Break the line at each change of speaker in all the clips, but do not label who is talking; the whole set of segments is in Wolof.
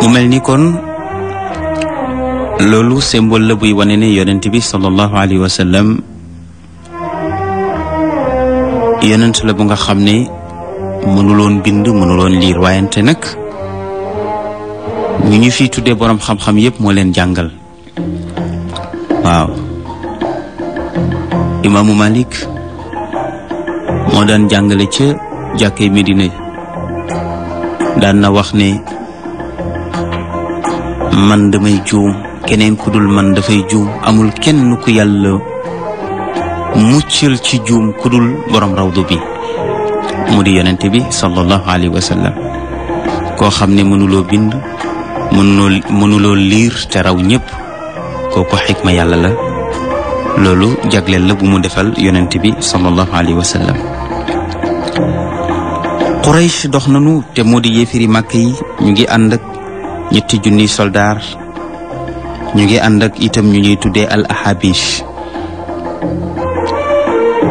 mu mel ni kon loolu symbole la buy wane ne yonent bi sallallahu alayhi wa sallam yonent la bu nga xam ne mënuloon bind mënuloon liir waayante nag ñu ñu fi tuddee boroom xam-xam yépp moo leen jàngal waaw imaamu Malik moo daan jàngale ca jàkkee Medina daan na wax ne man damay juum keneen ku dul man dafay juum amul kenn ku yàlla muccal ci juum ku dul boroom rawdu bi mu di yonent bi sallallahu alayhi wa koo xam ne mënuloo bind mënuloo liir te raw ñépp koo ko kooku ma yàlla la loolu jagleel la bu mu defal yonent bi sallallahu alayhi wa sallam Quraysh dox nanu te moo di yéefiri màkk yi ñu ngi ànd ak ñetti junniy soldaar ñu ngi ànd ak itam ñu ñuy tuddee al ahabish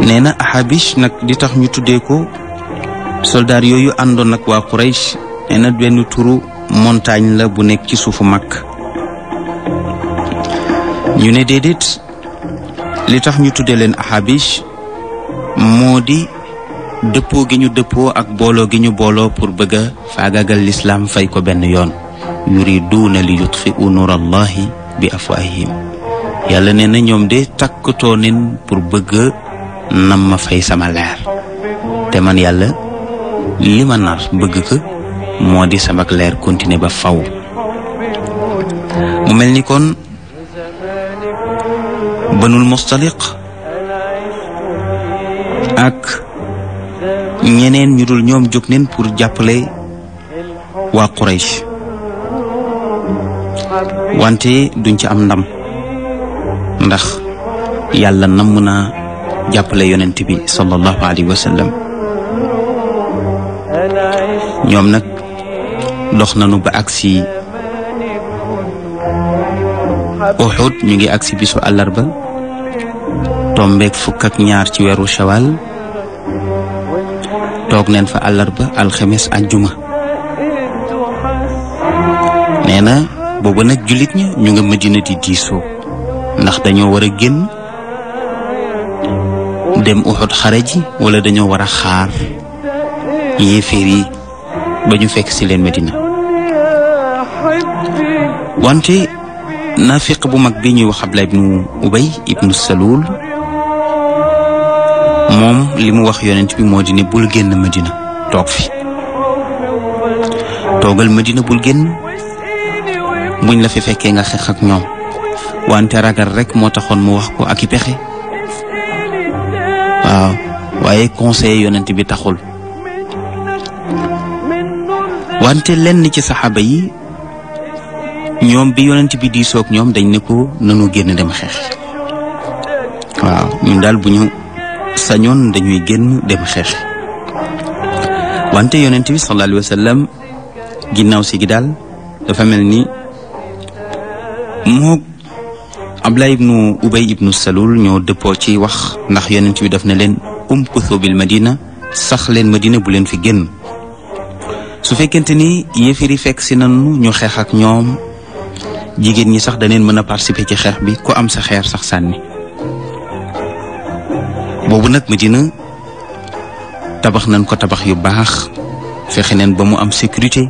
nee na nag di tax ñu tuddee ko soldaar yooyu àndoon nag waa Quraysh nee na benn turu montagne la bu nekk ci suufu mag ñu ne déedéet li tax ñu tuddee leen ahabish moo di dëppoo gi ñu dëppoo ak booloo gi ñu booloo pour bëgg a faagagal lislaam fay ko benn yoon yuriduuna li yutfiu nuur allahi bi afwaahihim yàlla nee na ñoom de takkatoo nen pour bëgg nam ma fay sama leer te man yàlla li ma nar bëgg ko moo di sama leer continuer ba faw mu mel ni kon banul mustaliq ak ñeneen ñu dul ñoom jóg nen pour jàppale waa Quraysh wante duñ ci am ndam ndax yàlla namm naa jàppale yonent bi sallallahu alayhi wa ñoom nag dox nañu ba agsi Uhud ñu ngi agsi bisu àllarba tombeek fukk ak ñaar ci weeru shawal toog neen fa àllarba alxemes àjjuma nee na boobu nag jullit ña ñu nga Madina di diisoo ndax dañoo war a génn dem Uhud xare ji wala dañoo war a xaar yéeféer yi ba ñu fekk si leen Madina wante naafiq bu mag bi ñuy wax Abdallah ibnu Ubay ibnu Salul moom li mu wax yonent bi moo di ne bul génn Madina toog fi toogal Madina bul génn buñ la fi fekkee nga xeex ak ñoom wante ragal rek moo taxoon mu wax ko ak i pexe waaw waaye conseil yonent bi taxul wante lenn ci saxaaba yi ñoom bi yonent bi diisoog ñoom dañ ne ko nanu génn dem xeex waaw ñun daal bu ñu sañoon dañuy génn dem xeex wante yonent bi sallallahu alayhi ginnaaw si gi daal dafa mel ni moo Abdullah ibnu Ubay ibnu Salul ñoo dëppoo ci wax ndax yonent bi def na leen umkuthu bil madina sax leen madina bu leen fi génn su fekkente ni yëfiri fekk si nanu ñu xeex ak ñoom jigéen ñi sax daleen mën a participer ci xeex bi ku am sa xeer sax sànni boobu nag madina tabax nañ ko tabax yu baax fexe neen ba mu am sécurité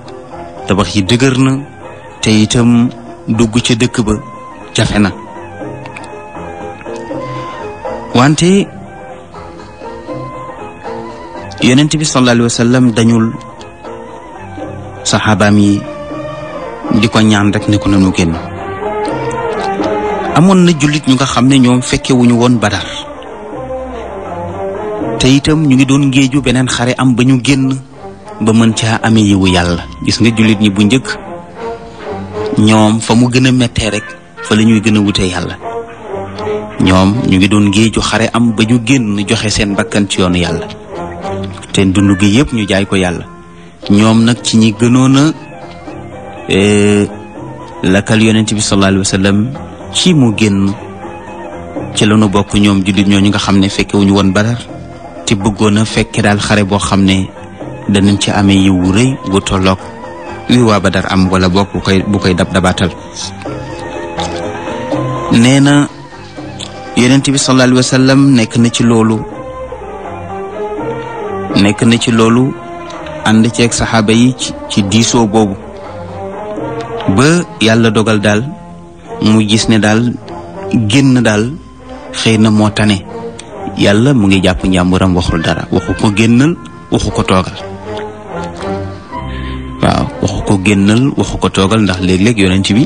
tabax yi dëgër na te itam dugg ca dëkk ba jafe na wante yonent bi sallallahu alayhi dañul saxaabaam yi di ko ñaan rek ne ko nanu génn amoon na jullit ñu nga xam ne ñoom fekkewuñu woon badar te itam ñu ngi doon géeju beneen xare am ba ñu génn ba mën ca amee yiwu yàlla gis nga jullit ñi bu njëkk ñoom fa mu gën a méttee rek fa lañuy ñuy gën a wutee yàlla ñoom ñu ngi doon géeju xare am ba ñu génn joxe seen bakkan ci yàlla te dund gi yëpp ñu jaay ko yàlla ñoom nag ci ñi gënoon a eh, lakkal yonent bi sallallahu alayhi wa sallam ci mu génn ci la ñu bokk ñoom jullit ñooñu nga xam ne fekkewuñu woon badar te bëggoon a fekke daal xare boo xam ne danañ ci amee yiw wu rëy wu li waa Badar am wala bokk bu koy koy dab dabaatal nee na yonent bi sallallahu nekk na ci loolu nekk na ci loolu ànd ceeg saxaaba yi ci diisoo boobu ba yàlla dogal daal mu gis ne daal génn daal xëy na moo tane yàlla mu ngi jàpp njàmburam waxul dara waxu ko génnal waxu ko toogal ko génnal waxu ko toogal ndax léeg-léeg yonent bi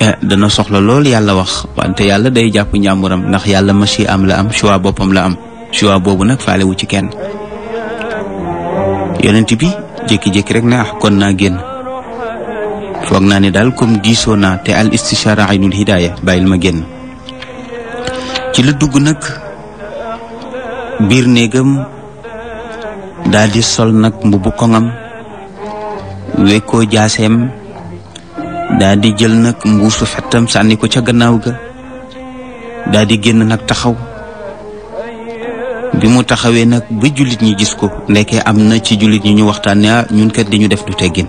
eh, dana soxla lool yàlla wax wante yàlla day jàpp njàmburam ndax yàlla machi am la am choix boppam la am choix boobu nag faale wu ci kenn yonent bi jékki-jékki rek ne ah kon naa génn foog naa ne daal comme diisoo naa te al istichara aynul hidaaya bàyyil ma génn ci la dugg nag biir néegam daal di sol nag mbubu koŋam wekkoo jaaseem daal jël nag mbuusu fettam sànni ko ca gannaaw ga daal di génn nag taxaw bi mu taxawee nag ba jullit ñi gis ko ndekkee am na ci jullit ñi ñu waxtaan ne ah, ñun kat li ñu def du teggin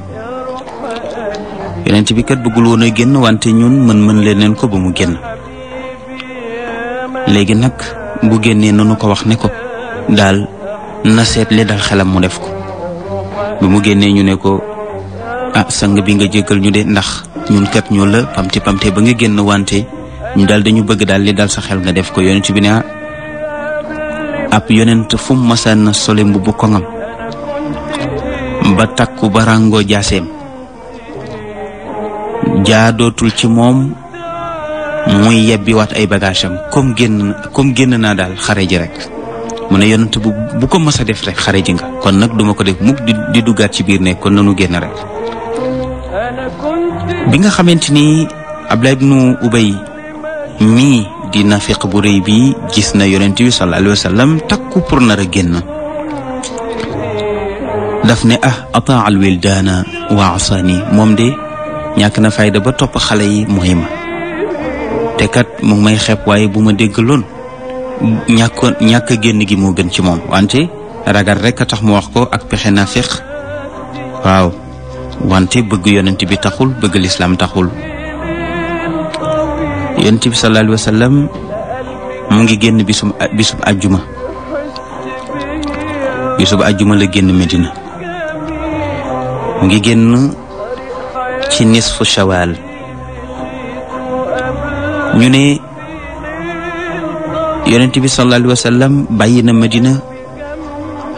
yonent bi kat bëggul woon a génn wante ñun mën mën leneen ko ba mu génn léegi nag bu génnee nanu ko wax ne ko daal na seetle li dal xelam mu def ko bi mu génnee ñu ne ko ah sang bi nga jéggal ñu de ndax ñun kat ñoo la pamte pamte ba nga génn wante ñu daal dañu bëgg daal li dal sa xel nga def ko yonent bi ne ah, ab yonent fu mu masaan sole mbubu koŋam ba takku ba ràngoo jaaseem jaadootul ci moom muy yebbiwaat ay bagaasam comme génn génn naa daal xare ji rek mu ne yonent bu ko mos def rek xare ji nga kon nag duma ko def mukk di duggaat ci biir nekk kon nanu génn rek bi nga xamante ni Abdullah ibnu Ubay mii di nafiq bu rëy bi gis na yonent bi sallallahu alayhi wa takku pour nar a génn daf ne ah ataa al wildaana wa asani moom de ñàkk na fayda ba topp xale yi mooy ma te kat mu ngi may xeeb waaye bu ma dégg loon ñàkkoon ñàkk a génn gi moo gën ci moom wante ragal rekk a tax mu wax ko ak pexe na naafeq waaw wante bëgg yonent bi taxul bëgg lislaam taxul yonent bi sallallahu mu ngi génn bisum bisub ajjuma bisub ajjuma la génn Medina mu ngi génn ci nisfu shawal ñu ne yonent bi sallallahu alayhi wa sallam bàyyi na madina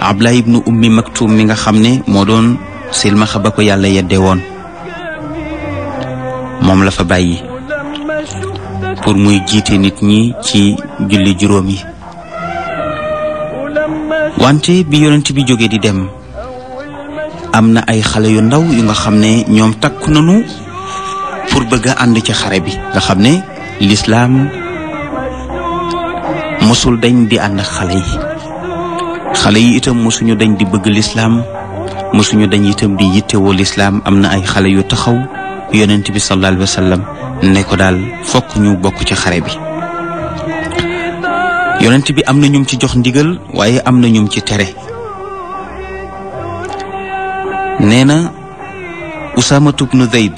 abdullah ibnu ummi maktum mi nga xam ne moo doon silmaxa ba ko yàlla yedde woon moom la fa bàyyi pour muy jiite nit ñi ci julli juróom yi wante bi yonent bi jógee di dem am na ay xale yu ndaw yu nga xam ne ñoom takku nañu pour bëgg a ànd ci xare bi nga xam ne lislaam mosul dañ di ànd xale yi xale yi itam mosuñu dañ di bëgg lislaam mosuñu dañ itam di yittewoo lislaam am na ay xale yu taxaw yonent bi sallallahu alayhi wa ko daal fokk ñu bokk ci xare bi yonent bi am na ñum ci jox ndigal waaye am na ñum ci tere nee na Usaamatu bnu Zayd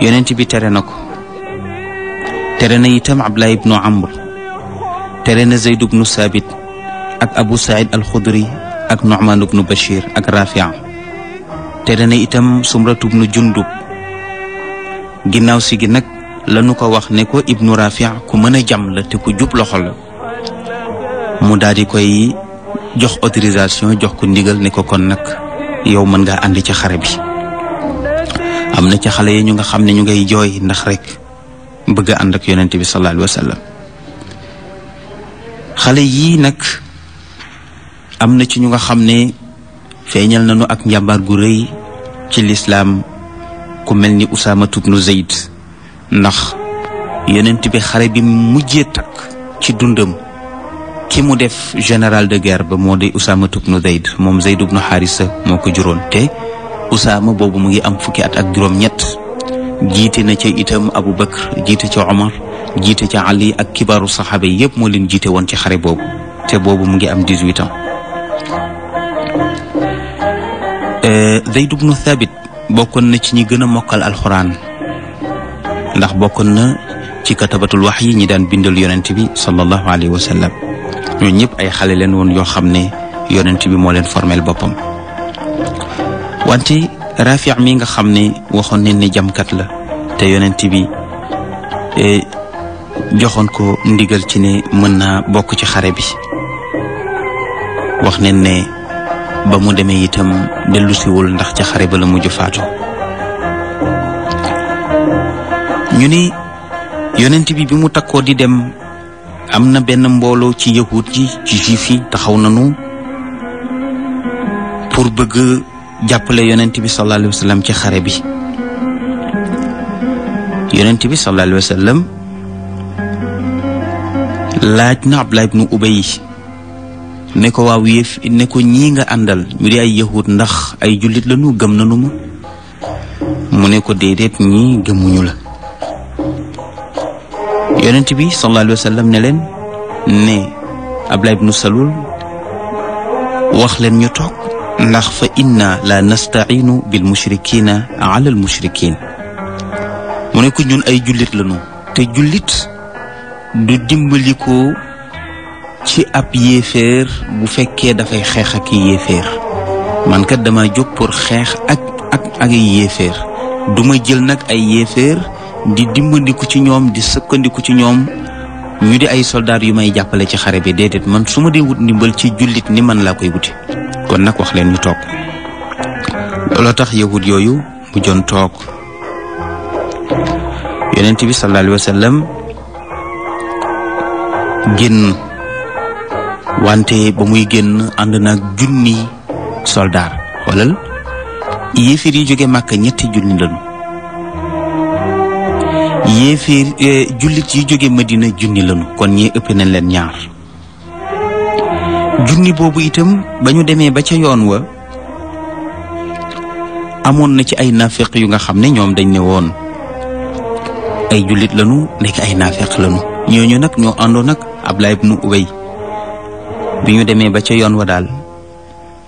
yonent bi tere na ko tere na itam abdulaay ibnu amr tere na zeyd ibnu saabit ak abu saïd alxudri ak nucmaan ibnu bachir ak rafia tere na itam sumrat ibnu jundub ginnaaw si gi nag lanu ko wax ne ko ibnu rafia ku mën a jam la te ku jub loxo la mu daal di koy jox autorisation jox ko ndigal ne ko kon nag yow mën nga ànd ci xare bi am na ci xale yi ñu nga xam ne ñu ngay jooy ndax rek bëgg a ànd ak yonent bi sallallahu alayhi xale yii nag am na ci ñu nga xam ne feeñal nañu ak njàmbaar gu rëy ci lislaam ku mel ni Usaama tubnu Zayd ndax yonent bi xale bi mujjee takk ci dundam ki mu def général de guerre ba moo di Usaama tubnu Zayd moom Zayd ubnu Xaarisa moo ko juróon te Usaama boobu mu ngi am fukki at ak juróom ñett jiite na ca itam Abu Bakr jiite ca Omar jiite ca Ali ak kibaaru saxaaba yi yëpp moo leen jiite woon ci xare boobu te boobu mu ngi am 18 ans. Euh, Zayd ibnu Thabit bokkoon na ci ñi gën a mokkal alxuraan ndax bokkoon na ci katabatul wax yi ñi daan bindal yonent bi sallallahu alayhi wa sallam ñooñu ñëpp ay xale leen woon yoo xam ne yonent bi moo leen formel boppam wante. Rafi' mi nga xam ne waxoon nañ ne jamkat la te yonent bi e, joxoon ko ndigal ci ne mën naa bokk ci xare bi wax nañ ne ba mu demee itam dellusiwul ndax ci xare ba la mujj faatu ñu ni yonent bi bi mu takkoo di dem am na benn mbooloo ci yahut yi ci juif yi taxaw nañu pour bëgg jàppale yonent bi sallallahu alayhi wa ci xare bi yonent bi sallallahu alayhi wa sallam laaj na Abdullah ibnu Ubay ne ko waaw yëf ne ko ñii nga àndal ñu di ay yahud ndax ay jullit lañu gëm nañu ma mu ne ko déedéet ñii gëmuñu la yonent bi sallallahu alayhi ne leen ne Abdullah ibnu Salul wax leen ñu toog ndax fa inna la nastainu bil mushrikina ala al mushrikin mu ne ko ñun ay jullit lañu te jullit du dimbalikoo ci ab yéeféer bu fekkee dafay xeex ak yéeféer man kat dama jóg pour xeex ak ak ak yéeféer duma jël nag ay yéeféer di dimbandiku ci ñoom di sëkkandiku ci ñoom ñu di ay soldaar yu may jàppale ci xare bi déedéet man su ma dee wut ndimbal ci jullit ni man laa koy wuti kon nag wax leen ñu toog looloo tax yahud yooyu mu joon toog yonent bi sallallahu alayhi génn wante ba muy génn ànd naag junni soldaar xoolal yéefir yi jóge màkk ñetti junni lañu yéefir eh, jullit yi jóge madina junni lañu kon ñee ëpp nañ leen ñaar junni boobu itam ba ñu demee ba ca yoon wa amoon na ci ay naafeq yu nga xam ne ñoom dañ ne woon ay jullit lanu nekk ay naafeq lanu ñooñu nag ñoo àndoon nag Ablaay ibnu Ubay bi ñu demee ba ca yoon wa daal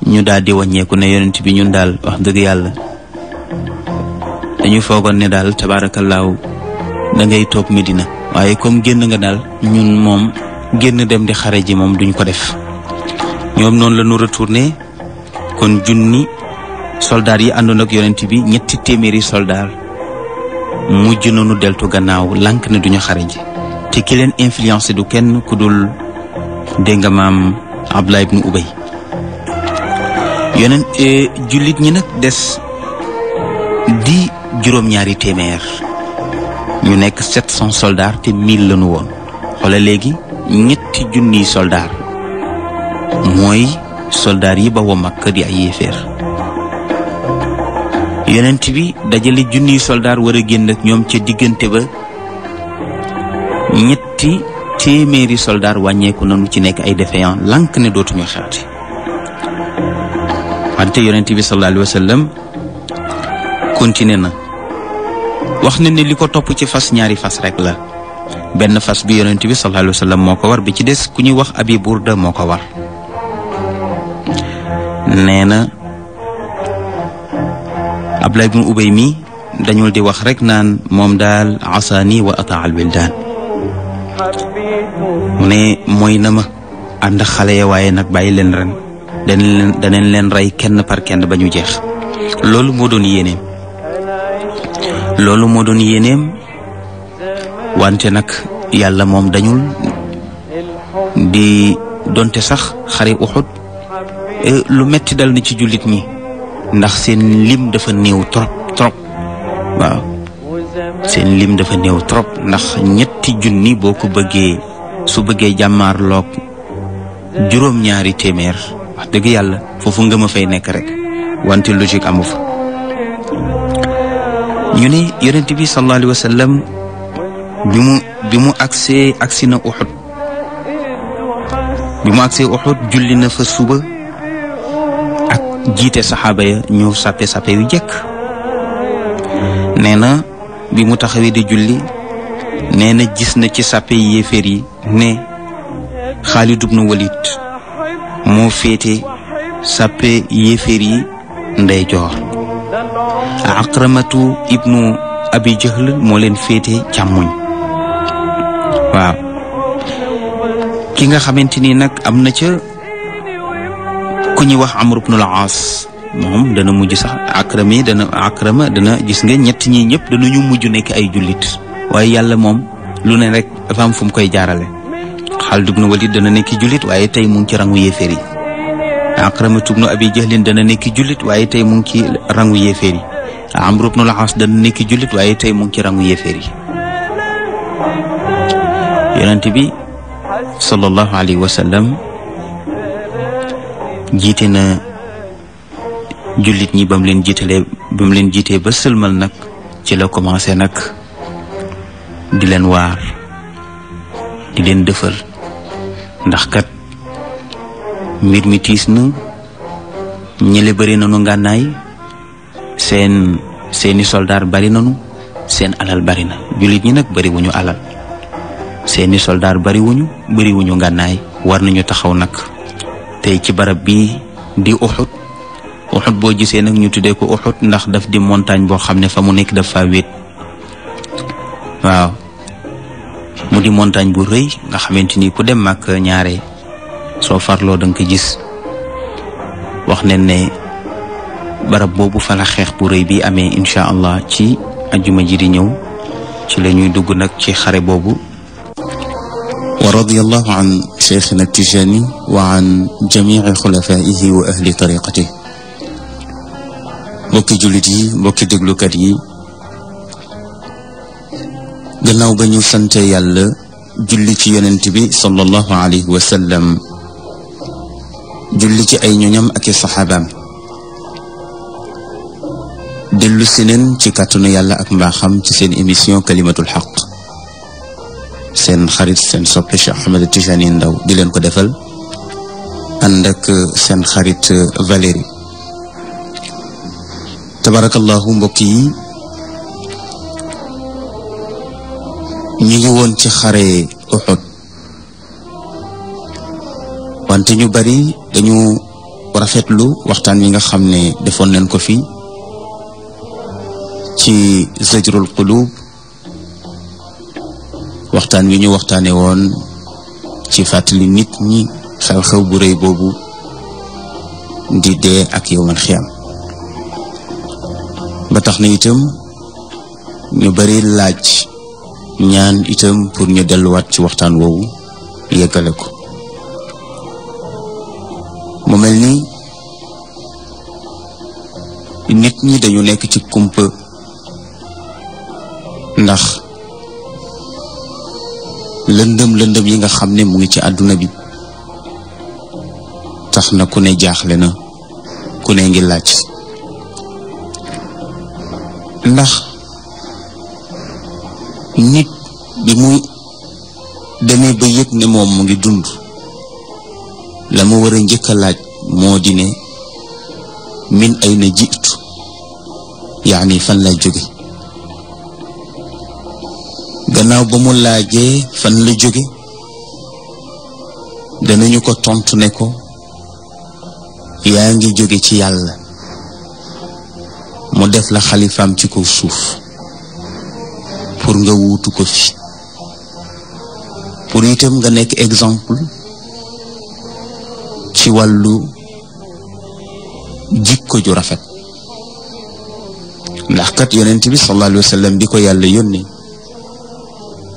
ñu daal di wàññeeku ne yonent bi ñun daal wax dëgg yàlla dañu foogoon ne daal tabaarakallaahu da toog Medina waaye comme génn nga daal ñun moom génn dem di xare ji moom duñ ko def ñoom noonu la ñu retourné kon junni soldaar yi àndoon ak yonent bi ñetti téeméeri soldaar mujj nañu deltu gannaaw lànk na duñu xare ji te ki leen influencé du kenn ku dul dégg nga maam Abdullah ibnu Ubay yeneen eh, jullit ñi nag des di juróom-ñaari téeméer ñu nekk sept cent soldats te mille lañu woon xoolal léegi ñetti junniy soldats. mooy soldaar yi ba wa Makka di ay yéeféer yonent bi dajale junniy soldaar war a génn ñoom ca diggante ba ñetti téeméeri soldaar wàññeeku nanu ci nekk ay défaillant lànk ne dootuñu xewte wante yonent bi sallallahu alayhi wa na wax na ne li ko topp ci fas ñaari fas rek la benn fas bi yonent bi sallallahu alayhi moo ko war bi ci des ku ñuy wax abi burda moo ko war nee na Abdullah ibn Ubay mi dañul di wax rek naan moom daal asaani wa ataa alwildaan mu ne mooy ma ànd xale ya waaye nag bàyyi leen ren danañ leen leen rey kenn par kenn ba ñu jeex loolu moo doon yéeneem loolu moo doon yéeneem wante nag yàlla moom dañul di donte sax xare Uhud Euh, lu metti dal na ci jullit ñi ndax seen lim dafa néew trop trop waaw seen lim dafa néew trop ndax ñetti junni boo ko bëggee su bëggee jàmmaar loog juróom-ñaari téeméer wax dëgg yàlla foofu nga fay nekk rek wante logique amu fa ñu ni yonent bi sallallahu alayhi bi mu bi mu agsee agsi na uxut bi mu agsee uxut julli na fa suba jiite saxaaba ya ñu sàppe sàppe yu jekk nee na bi mu taxawee di julli nee na gis na ci sàppe yi yéeféer yi ne Xaalid ibnu Walid moo féete sàppe yéeféer yi ndeyjoor Aqramatu ibnu Abi moo leen féete càmmuñ waaw ki nga xamante ni nag am na ca ku ñuy wax amr ibnul aas moom dana mujj sax akrami dana akrama dana gis nga ñett ñi ñëpp ñu mujj nekk ay jullit waaye yàlla moom lu ne rek dafa fu mu koy jaarale Xaalid na Walid dana nekki jullit waaye tey mu ngi ci rangu yéeféer yi Akrama ibnu Abi Jahlin dana nekk jullit waaye tey mu ngi ci rangu yéeféer yi Amru ibnul Aas dana waaye tey mu ngi ci rangu yéeféer yi yonent bi sallallahu alayhi jiite na jullit ñi ba leen jiitalee ba leen jiitee ba sëlmal nag ci la commencé nag di leen waar di leen dëfal ndax kat mbir mi tiis na ñële bëri nanu ngànnaay seen seeni soldaar bari nanu seen alal bari na jullit ñi nag bari wuñu alal seeni soldaar bari wuñu bari wuñu ngànnaay war nañu taxaw nag tey ci barab bii di Uhud Uhud boo gisee nag ñu tuddee ko Uhud ndax daf di montagne boo xam ne fa mu nekk dafa wéet waaw mu di montagne bu rëy nga xamante ni ku dem màkk ñaare soo farloo danga ko gis wax ne ne barab boobu fa la xeex bu rëy bi amee incha allah ci ajuma ji di ñëw ci la ñuy dugg nag ci xare boobu wa radiyallahu an cheikhina Tijani wa an jamici xulafaihi wa ahli tariqati mbokki jullit yi mbokki déglukat yi gannaaw ba ñu sante yàlla julli ci yonent bi sallallahu alayhi wa sallam julli ci ay ñoñam ak i saxaabaam dellu si neen ci kàttanu yàlla ak mbaaxam ci seen émission kalimatul xaq seen xarit seen soppe Cheikh Ahmed Tijani Ndaw di leen ko defal ànd ak euh, seen xarit euh, Valérie tabarakallahu mbokk yi ñu woon ci xare Uhud wante ñu bari dañu rafetlu waxtaan yi nga xam ne defoon nañ ko fi ci zajrul qulub waxtaan wi ñu waxtaane woon ci fàttali nit ñi xew-xew bu réy boobu di dee ak yowmal xiyam ba tax na itam ñu bari laaj ñaan itam pour ñu delluwaat ci waxtaan woowu yeggale ko mu mel ni nit ñi dañu nekk ci kumpa ndax lëndëm lëndëm yi nga xam ne mu ngi ci àdduna bi tax na ku ne jaaxle na ku ne ngi laaj ndax nit bi mu demee ba yëg ne moom mu ngi dund la mu war njëkk a laaj moo di ne min ay na jiitu yaani fan laa jóge gannaaw ba mu laajee fan la jóge danañu ko tontu ne ko yaa ngi jóge ci yàlla mu def la xalifaam ci kaw suuf pour nga wutu ko fi pour itam nga nekk exemple ci wàllu jikko ju rafet ndax kat yonent bi sallallahu alayhi di ko yàlla yónni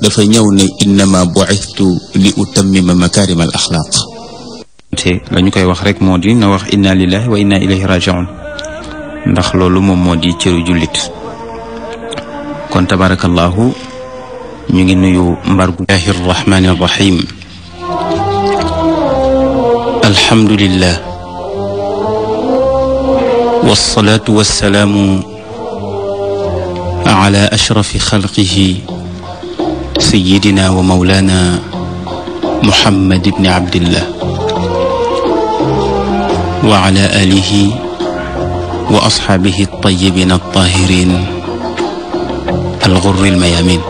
dafa ñëw ne innama bu'ithtu li utammima makarim al axlaaq te la ñu koy wax rek moo di na wax inna lillahi wa inna ilayhi raji'un ndax loolu moom moo di cëru jullit kon tabarakallahu ñu ngi nuyu mbargu lahi arrahmani arrahim alhamdulillah wassalatu wassalaamu ala ashrafi xalqihi سيدنا ومولانا محمد بن عبد الله وعلى آله وأصحابه الطيبين الطاهرين الغر الميامين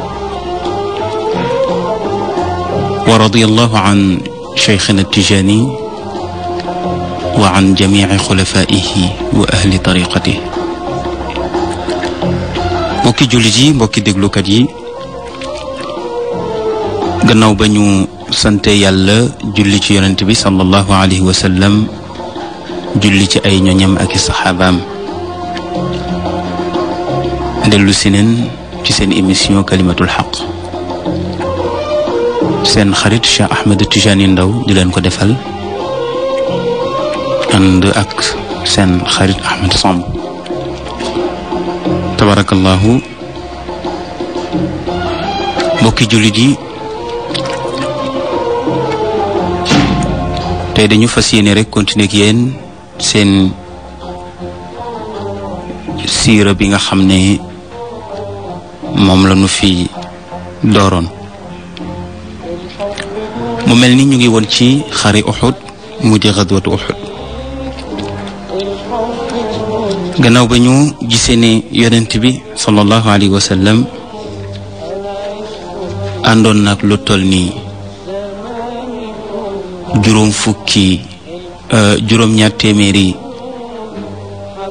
ورضي الله عن شيخنا التجاني وعن جميع خلفائه وأهل طريقته mbokki jullit yi mbokki déglukat yi gannaaw ba ñu sante yàlla julli ci yonent bi sallallahu alayhi wa sallam julli ci ay ñoñam ak i saxaabaam dellu si ci seen émission kalimatul xaq seen xarit Cheikh Ahmed Tijani Ndaw di leen ko defal ànd ak seen xarit Ahmed Samb tabarakallahu mbokki jullit yi tey dañu fas yéene rek continuer ak yéen seen siira bi nga xam ne moom la nu fi dooroon mu mel ni ñu ngi woon ci xari Uhud mu di xadwatu gannaaw ba ñu gisee ne yonent bi sallallahu alayhi wa sallam àndoon nag lu toll nii juróom fukki euh, juróom-ñaar téeméeri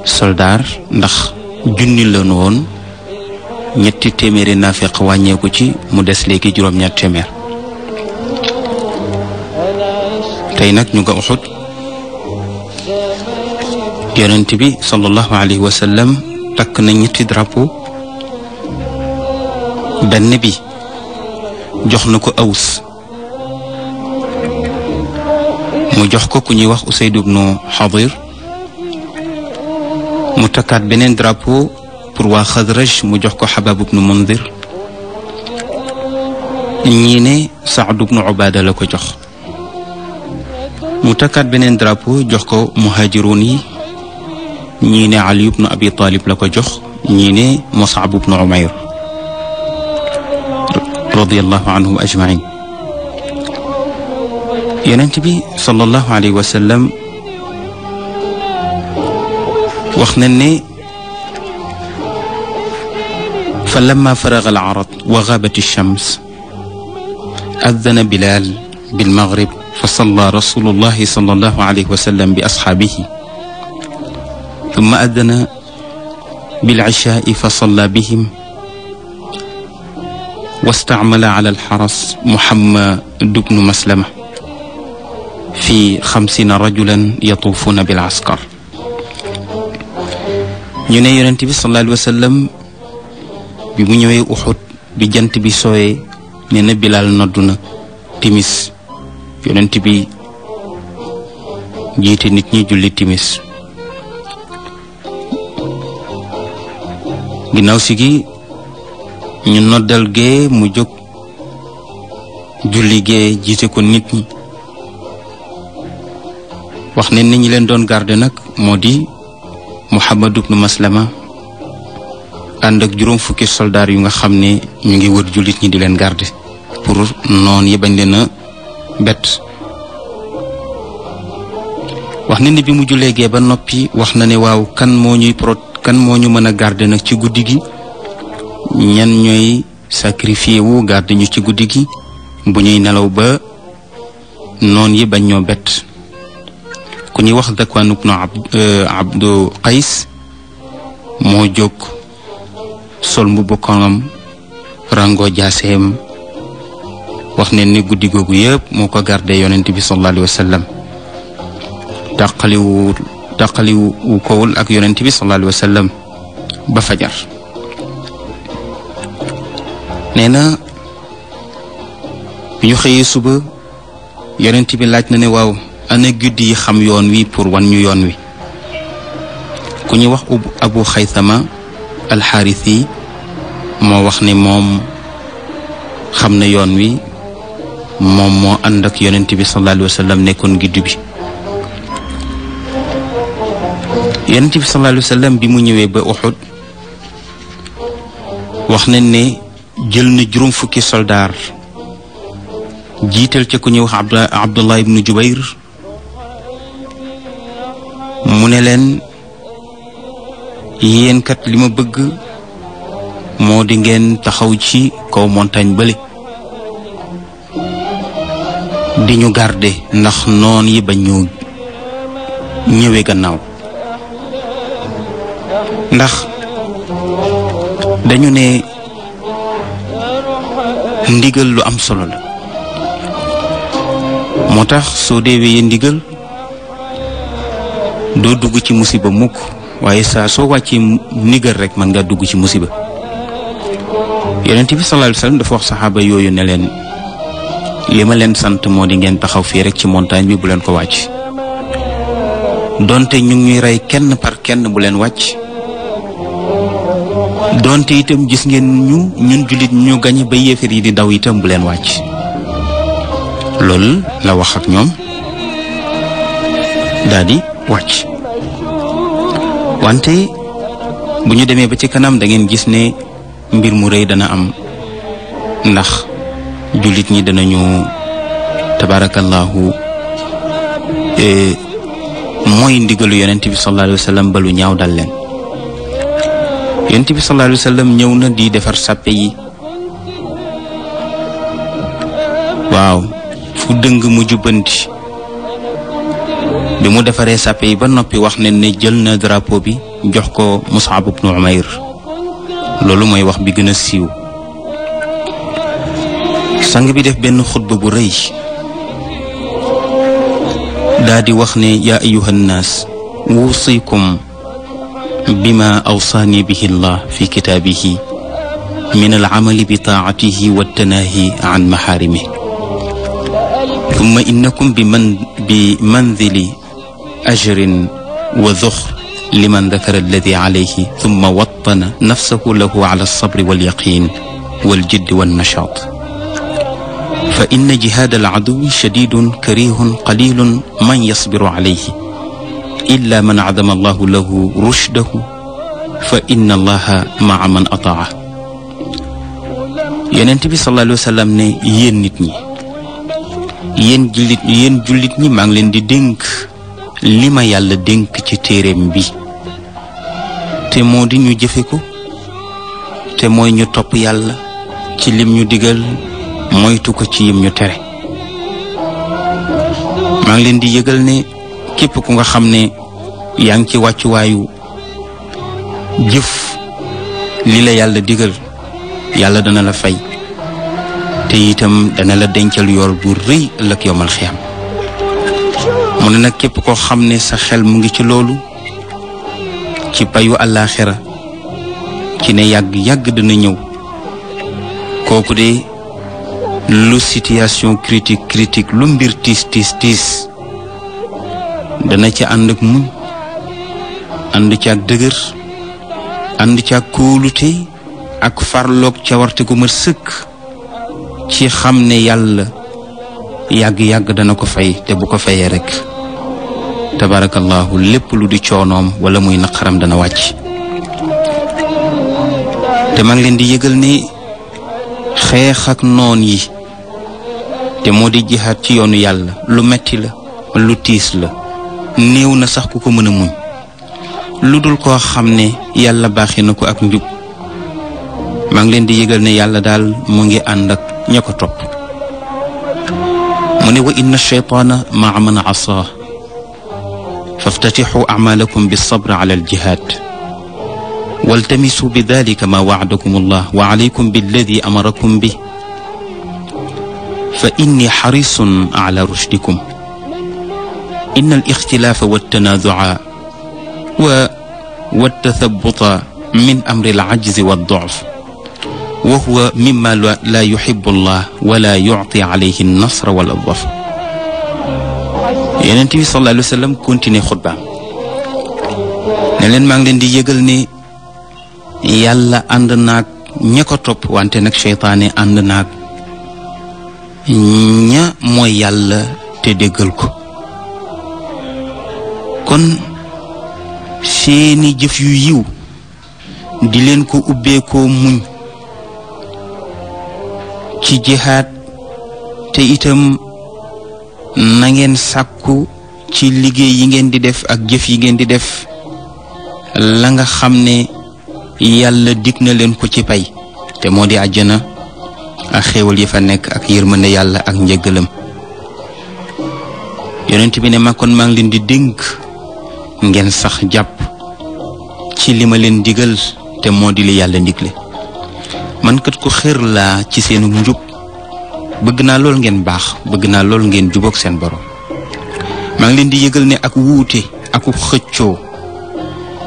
soldaar ndax junni lañu woon ñetti téeméeri naafeq wàññeeku ci mu des léegi juróom-ñaar téeméer tey nag ñu nga uxut yonent bi sallallahu alayhi wa takk na ñetti drapeau benn bi jox na ko awus mu jox ko ku ñuy wax Usayd ibnu Xadir mu takkaat beneen drapo pour waa Xadraj mu jox ko Xabaab ibnu Mundir ñii ne Saad ibnu Ubaada la ko jox mu takkaat beneen drapo jox ko muhaajiruun yi ñii ne Ali ibnu Abi Talib la ko jox ñii ne Musab ibnu Umayr radiyallahu anhum ajmain yonent bi sallallahu alayhi wa sallam wax na ne fa lamma faraga al arad wa gabat ash-shams adana bilal bil maghrib fa salla rasulullahi sallallahu alayhi wa sallam bi ashaabihi thumma adana bil ishaai fa salla bihim واستعمل على الحرس محمد بن مسلمه fi xamsina rajulan yatuufuuna bil askar ñu ne yonent bi sallallahu alayhi bi mu ñëwee bi nee na bilaal noddu na timis yonent bi jiite nit ñi julli timis ginnaaw si gi ñu noddal gee mu jóg julli gee jiite ko nit wax ne ni ñi leen doon garde nag moo di Muhammad ibnu Maslama ànd ak juróom fukki soldaar yu nga xam ne ñu ngi wër jullit ñi di leen garde pour noon yi bañ leen a bett wax na ni bi mu jullee gee ba noppi wax na ne waaw kan moo ñuy pro kan moo ñu mën a garde nag ci guddi gi ñan ñooy sacrifié wu garde ñu ci guddi gi bu ñuy nelaw ba noon yi bañ ñoo bett ku ñuy wax Zakwan ibnu eh, Abdu Qays moo jóg sol mu bokkoonam rango jaaseem wax ne ni guddi googu yëpp moo ko gardé yonent bi sallallahu alayhi wa sallam taqaliwu kowul ak yonent bi sallallahu alayhi wa ba fajar nee na bi ñu xëyee suba yonent bi laaj na ne waaw ana guddi yi xam yoon wi pour wan ñu yoon wi ku ñu wax abu xaysama alxarisi moo wax ne moom xam na yoon wi moom moo ànd ak yonent bi sallallahu nekkoon guddi bi yonent bi sallallahu bi mu ñëwee ba Uxud wax nañ ne jël na juróom fukki soldaar jiital ca ku ñuy wax Abdullah ibnu Jubayr mu ne leen yéen kat li ma bëgg moo di ngeen taxaw ci kaw montagne bële di ñu garde ndax noon yi ba ñoo ñëwee gannaaw ndax dañu ne ndigal lu am solo la moo tax soo deewee ndigal doo dugg ci musiba mukk waaye sa soo wàccee nigal rek mën nga dugg ci musiba yonent bi sallallahu alayhi wasallam dafa wax saxaaba yooyu ne leen li ma leen sant moo di ngeen taxaw fii rek ci montagne bi bu leen ko wàcc doonte ñu ngi rey kenn par kenn bu leen wàcc donte itam gis ngeen ñu ñun jullit ñu gañe ba yéefar yi di daw itam bu leen wàcc loolu la wax ak ñoom daldi wàcc wante bu ñu demee ba ci kanam dangeen gis ne mbir mu rëy dana am ndax jullit ñi danañu tabaarakallaahu eh, mooy ndigalu yonent bi sallallahu alayhi ba lu ñaaw dal leen yonent bi sallallahu alayhi ñëw na di defar sàppe yi waaw fu dëng mu jubbanti bi mu defaree sàppe yi ba noppi wax ne ne jël na drapeau bi jox ko Mus'ab ibn Umayr loolu mooy wax bi gën a siiw sang bi def benn xutba bu rëy daa wax ne yaa ayuha nnaas wuusikum bima awsaani bihi llah fi kitaabihi min alcamali bi taacatihi waltanaahi can maxaarimih ثم إنكم بمن بمنزل ajrin wa zuxr liman dakara alladi alayhi thumma wattana nafsahu lahu ala alsabri walyaqin waljiddi wannachaat fa inna jihaad aladuwi shadidun karihun qalilun man yasbiru alayhi illa man adama allahu lahu rushdahu fa inna allaha maa man ataa yonent bi sallallahu alayhi wa sallam ne yéen nit ñi yéen jullit yéen jullit ñi maa ngi leen di dénk li ma yàlla dénk ci téereem bi te moo di ñu jëfe ko te mooy ñu topp yàlla ci lim ñu digal moytu ko ci yim ñu tere maa ngi leen di yëgal ne képp ku nga xam ne yaa ngi ci wàccuwaayu jëf li la yàlla digal yàlla dana la fay te itam dana la dencal yool bu rëy ëllëg yomal xiyam mu ne nag képp koo xam ne sa xel mu ngi ci loolu ci payu àllaaxira ci ne yàgg yàgg dana ñëw kooku de lu situation critique critique lu mbir tiis tiis dana ci ànd ak muñ ànd ci dëgër ànd ci ak ak farloog ca warte gu sëkk ci xam ne yàlla yàgg-yàgg dana ko fay te bu ko fayee rek tabarakallahu lépp lu di coonoom wala muy naqaram dana wàcc te maa ngi leen di yëgal ni xeex ak noon yi te moo di jihaat ci yoonu yàlla lu metti la lu tiis la néew na sax ku ko mën a muñ lu dul koo xam ne yàlla baaxee na ko ak njub maa ngi leen di yëgal ni yàlla daal mu ngi ànd ak ña topp mu ne wa inna cheytaana maa man asaa faftatixu acmaalakum bilsabr ala aljihaad waltamisu bi dalika ma waadakum allah wa alaykum billadi amarakum bi fa inni xarisun ala rushdikum inna alixtilaafa waltanaazuca wa waltathabuta min amri alcajzi waldof wa huwa mimma la yuhibbu llah wala wa sallam continuer xutbaam ne leen maa ngi leen di yëgal ne yàlla ànd naag ña ko topp wante nag seytaane ànd naag ña mooy yàlla te déggal ko kon seeni jëf yu yiw di leen ko ubbeekoo muñ ci jihaad te itam na ngeen sàkku ci liggéey yi ngeen di def ak jëf yi ngeen di def la nga xam ne yàlla digg na leen ko ci pay te moo di àjjana ak xéewal yi fa nekk ak yërmande yàlla ak njëggalam yonent bi ne ma kon maa ngi leen di dénk ngeen sax jàpp ci lima leen digal te moo di li yàlla ndigle man kat ku xër laa ci seenu njub bëgg naa lool ngeen baax bëgg naa lool ngeen juboog seen borom maa ngi leen di yëgal ne ak wuute ak xëccoo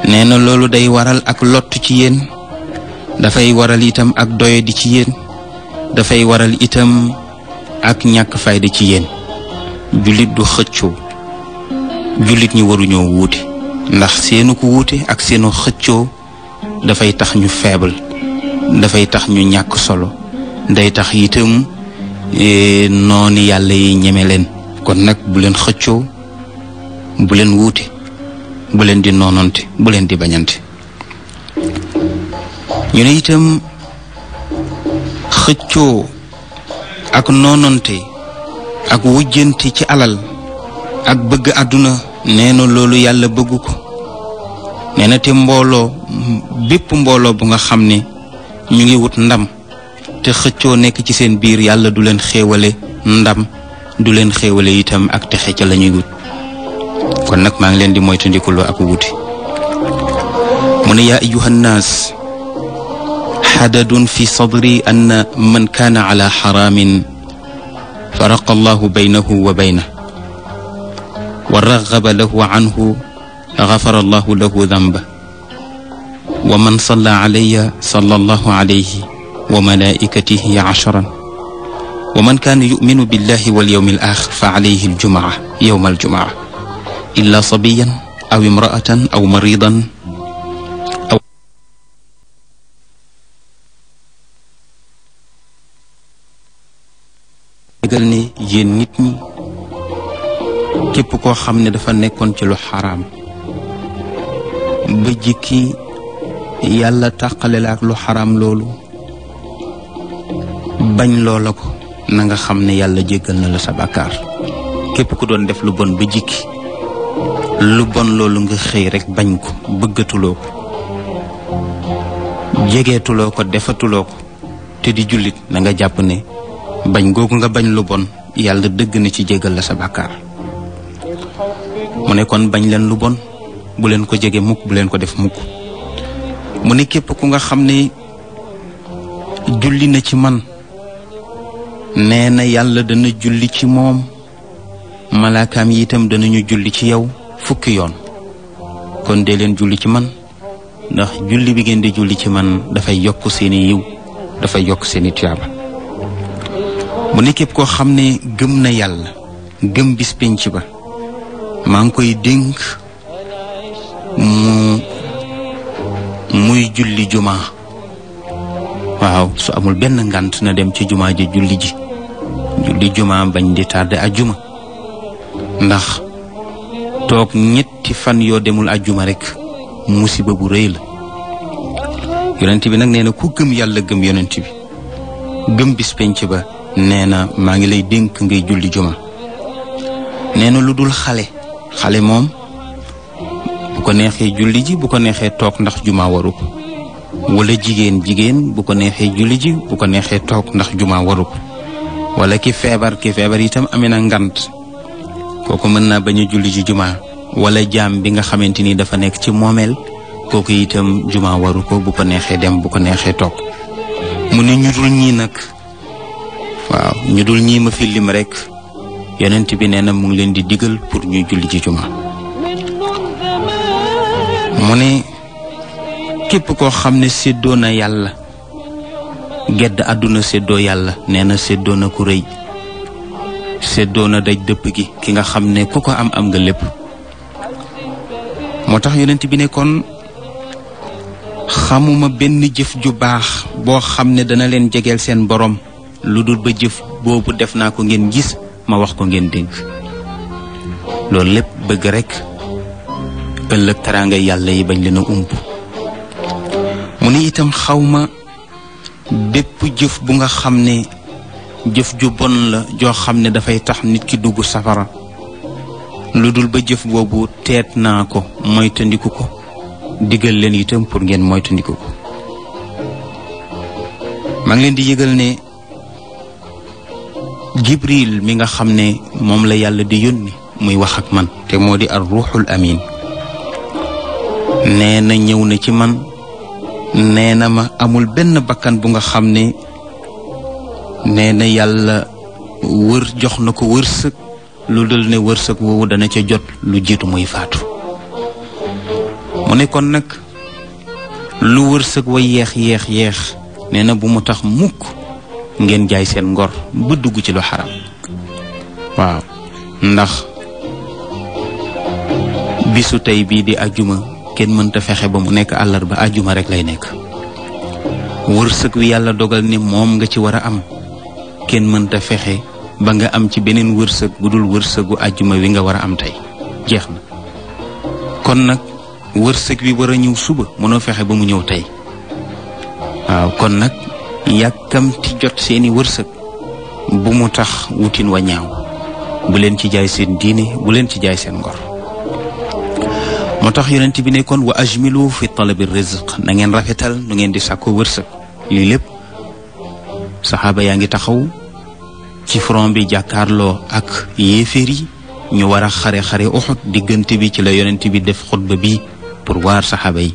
nee na loolu day waral ak lott ci yéen dafay waral itam ak doyadi ci yéen dafay waral itam ak ñàkk fayda ci yéen jullit du xëccoo jullit ñi waruñoo wuute ndax seenu ko wuute ak seenu xëccoo dafay tax ñu feebal dafay tax ñu ñàkk solo day tax itam e, nooni yàlla yi ñeme leen kon nag bu leen xëccoo bu leen wuute buleen di noonante bu leen di bañante ñu ne itam xëccoo ak noonante ak wujjante ci alal ak bëgg àdduna nee na loolu yàlla bëgg ko nee na te mbooloo bépp mbooloo bu nga xam ni ñu ngi wut ndam te xëccoo nekk ci seen biir yàlla du leen xéewale ndam du leen xéewale itam ak texe ca la ñuy wut kon nag maa ngi leen di moytandikuloo ak wuti mu ne yaa ayuha nnaas xadadun fi sadri anna man kaana ala xaraamin faraqa allahu baynahu wa bayna wa raxaba lahu anhu gafara allahu lahu damba wa man salla alayya salla allahu alayhi wa malaikatihi asharan wa man kaana yuminu billahi wal yawmi al axir fa alayhi aljumaa yowma aljumaa illa sabiyan aw imraatan aw maridan déggal ne yéen nit ñi képp koo xam ne dafa nekkoon ci lu xaraam ba jikki yàlla tàqale la ak lu xaram loolu bañ la ko na nga xam ne yàlla jéggal na la sa bàkkaar képp ku doon def lu bon ba jikki lu bon loolu nga xëy rek bañ ko bëggatuloo ko jegeetuloo ko defatuloo ko te di jullit na nga jàpp ne bañ googu nga bañ lu bon yàlla dëgg na ci jéggal la sa bàkkaar mu ne kon bañ leen lu bon bu leen ko jege mukk bu leen ko def mukk mu ne képp ku nga xam ne julli na ci man nee na yàlla dana julli ci moom malaakaam yi itam danañu julli ci yow fukki yoon kon dee leen julli ci man ndax julli bi ngeen di julli ci man dafay yokk seeni yiw dafay yokk seeni tiyaaba mu ne képp koo xam ne gëm na yàlla gëm bis pénc ba maa ngi koy dénk mu muy julli jumaa waaw su amul benn ngant na dem ci jumaa ji julli ji julli jumaa bañ di tardé ajjuma ndax toog ñetti fan yoo demul ajjuma rek musiba bu rëy la yonent bi nag nee na ku gëm yàlla gëm yonent bi gëm bis penc ba nee na maa ngi lay dénk ngay julli juma nee na lu dul xale xale moom bu ko neexee julli ji bu ko neexee toog ndax jumaa waru walla jigéen jigéen bu ko neexee julli ji bu ko neexee toog ndax juma waru wala ki feebar ki feebar itam amee na ngant kooku mën naa bañ a julli ji juma wala jaam bi nga xamante ni dafa nekk ci moomeel kooku itam juma waru ko bu ko neexee dem bu ko neexee toog mu ne ñu dul ñii nag waaw ñu dul ñii ma fi lim rek yonent bi nee mu ngi leen di diggal pour ñuy julli ji juma. mu ne képp koo xam ne séddoo na yàlla gedd àdduna séddoo yàlla nee na séddoo na ku rëy séddoo na daj dëpp gi ki nga xam ne ku ko am am nga lépp moo tax yonent bi ne kon xamuma benn jëf ju baax boo xam ne dana leen jegel seen boroom lu dul ba jëf boobu def naa ko ngeen gis ma wax ko ngeen dégg loolu lépp bëgg rekk ëllëg taraangay yàlla yi bañ leen a ump mu ne itam xawma bépp jëf bu nga xam ne jëf ju bon la joo xam ne dafay tax nit ki dugg safara lu dul ba jëf boobu teet naa ko moytandiku ko digal leen itam pour ngeen moytandiku ko maa ngi leen di yëgal ne jibril mi nga xam ne moom la yàlla di yónni muy wax ak man te moo di ar ruuxul amin nee na ñëw na ci man nee na ma amul benn bakkan bu nga xam ne nee na yàlla wër jox na ko wërsëg lu dul ne wërsëg woowu dana ca jot lu jiitu muy faatu mu ne kon nag lu wërsëg wa yeex yeex yeex nee na bu mu tax mukk ngeen jaay seen ngor ba dugg ci lu xaram waaw ndax bisu tey bii di ajuma kenn mënta fexe ba mu nekk àllarba àjjuma rek lay nekk wërsëg yàlla dogal ne moom nga ci war a am kenn mënta fexe ba nga am ci beneen wërsëg bu dul wërsëgu àjjuma wi nga war a am tey jeex na kon nag wërsëg wi war a ñëw suba mënoo fexe ba mu ñëw tey waaw kon nag yàkkamti jot seeni wërsëg bu mu tax wutin wa ñaaw bu leen ci jaay seen diine bu leen ci jaay seen ngor moo tax yonent bi nekkoon wa ajmilu fi talabi rizq na ngeen rafetal nu ngeen di sàkko wërsëg lii lépp saxaaba yaa ngi taxaw ci front bi jàkkaarloo ak yéeféer yi ñu war a xare xare uxut diggante bi ci la yonent bi def xutba bi pour waar saxaaba yi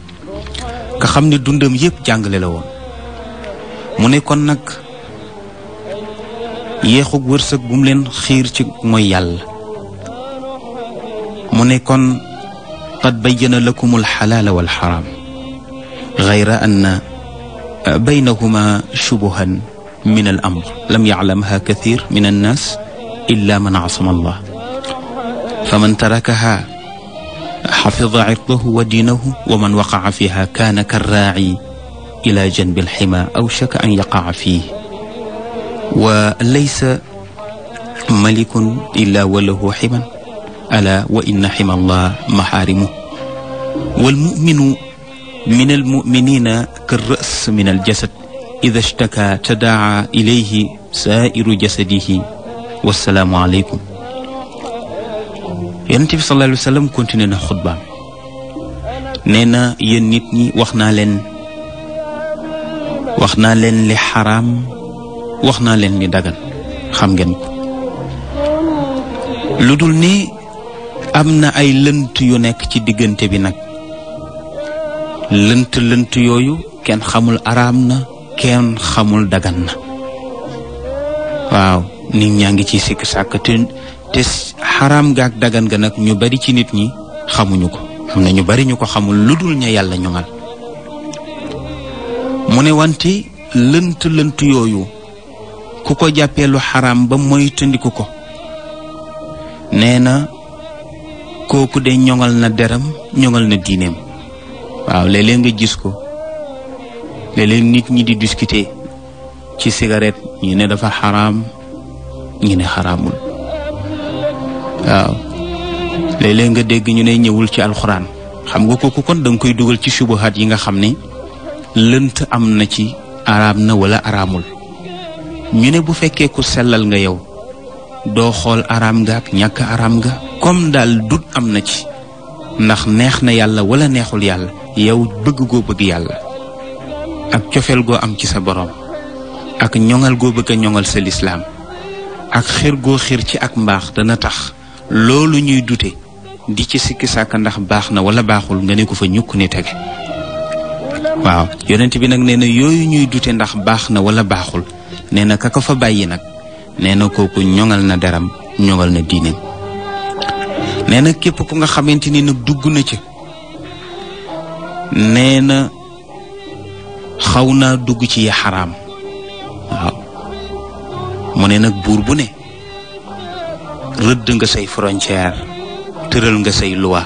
nga xam ne dundam yépp jàngale la woon mu nekkoon nag yéexug wërsëg bu leen xiir ci mooy yàlla qad bayyana lakum alxalaala walxaraam gayra anna baynahuma shubuhan min al amr lam yaclamha kathir min annaas illa man asama allah faman tarakaha xafida irdahu wa diinahu wa man waqaca fiha kaana karraaci ila janbi alxima awshaka an yaqaca fiih wa laysa malikun illa walahu ximan ala wa inna ximallah maxaarimu walmuminu min almuminina karras min aljasad ida shtaka tadaa ilayhi saairu jasadihi wasalaamu aleykum yonent bi sallallahu alayhi wa sallam continué na xutbaam nee na yéen nit ñi wax naa leen wax naa leen li xaraam wax naa leen li dagan xam ngeen ko lu dul ni am na ay lënt yu nekk ci diggante bi nag lënt lënt yooyu kenn xamul araam na kenn xamul dagan na waaw nit ñaa ngi ci sikk sàkk te xaraam gaak dagan ga nag ñu bari ci nit ñi xamuñu ko am na ñu bari ñu ko xamul lu dul ña yàlla ñu ngal mu ne wante lënt lënt yooyu ku ko jàppee lu xaraam ba moytandiku ko nee na kooku de ñoŋal na deram ñoŋal na diineem waaw léeg nga gis ko léeg nit ñi di discuter ci cigarette ñi ne dafa xaraam ñi ne xaraamul waaw léeg nga dégg ñu ne ñëwul ci alxuraan xam nga ko kooku kon danga koy dugal ci subuhaat yi nga xam ne lënt am na ci araam na wala araamul ñu ne bu fekkee ku sellal nga yow doo xool araam nga ak ñàkk araam nga comme daal du am na ci ndax neex na yàlla wala neexul yàlla yow bëgg goo bëgg yàlla ak cofeel goo am ci sa boroom ak ñoŋal goo bëgg a ñoŋal sa lislaam ak xir goo xir ci ak mbaax dana tax loolu ñuy dute di ci sikki sàkk ndax baax na wala baaxul nga ne ko fa ñukk ni tege waaw yonent bi nag nee na yooyu ñuy dute ndax baax na wala baaxul nee na ka fa bàyyi nag nee na kooku ñoŋal na deram ñoŋal na diineem nee na képp ku nga xamante ni nag dugg na ca nee na xaw naa dugg ci yi xaraam waaw mu ne nag buur bu ne rëdd nga say frontière tëral nga say loi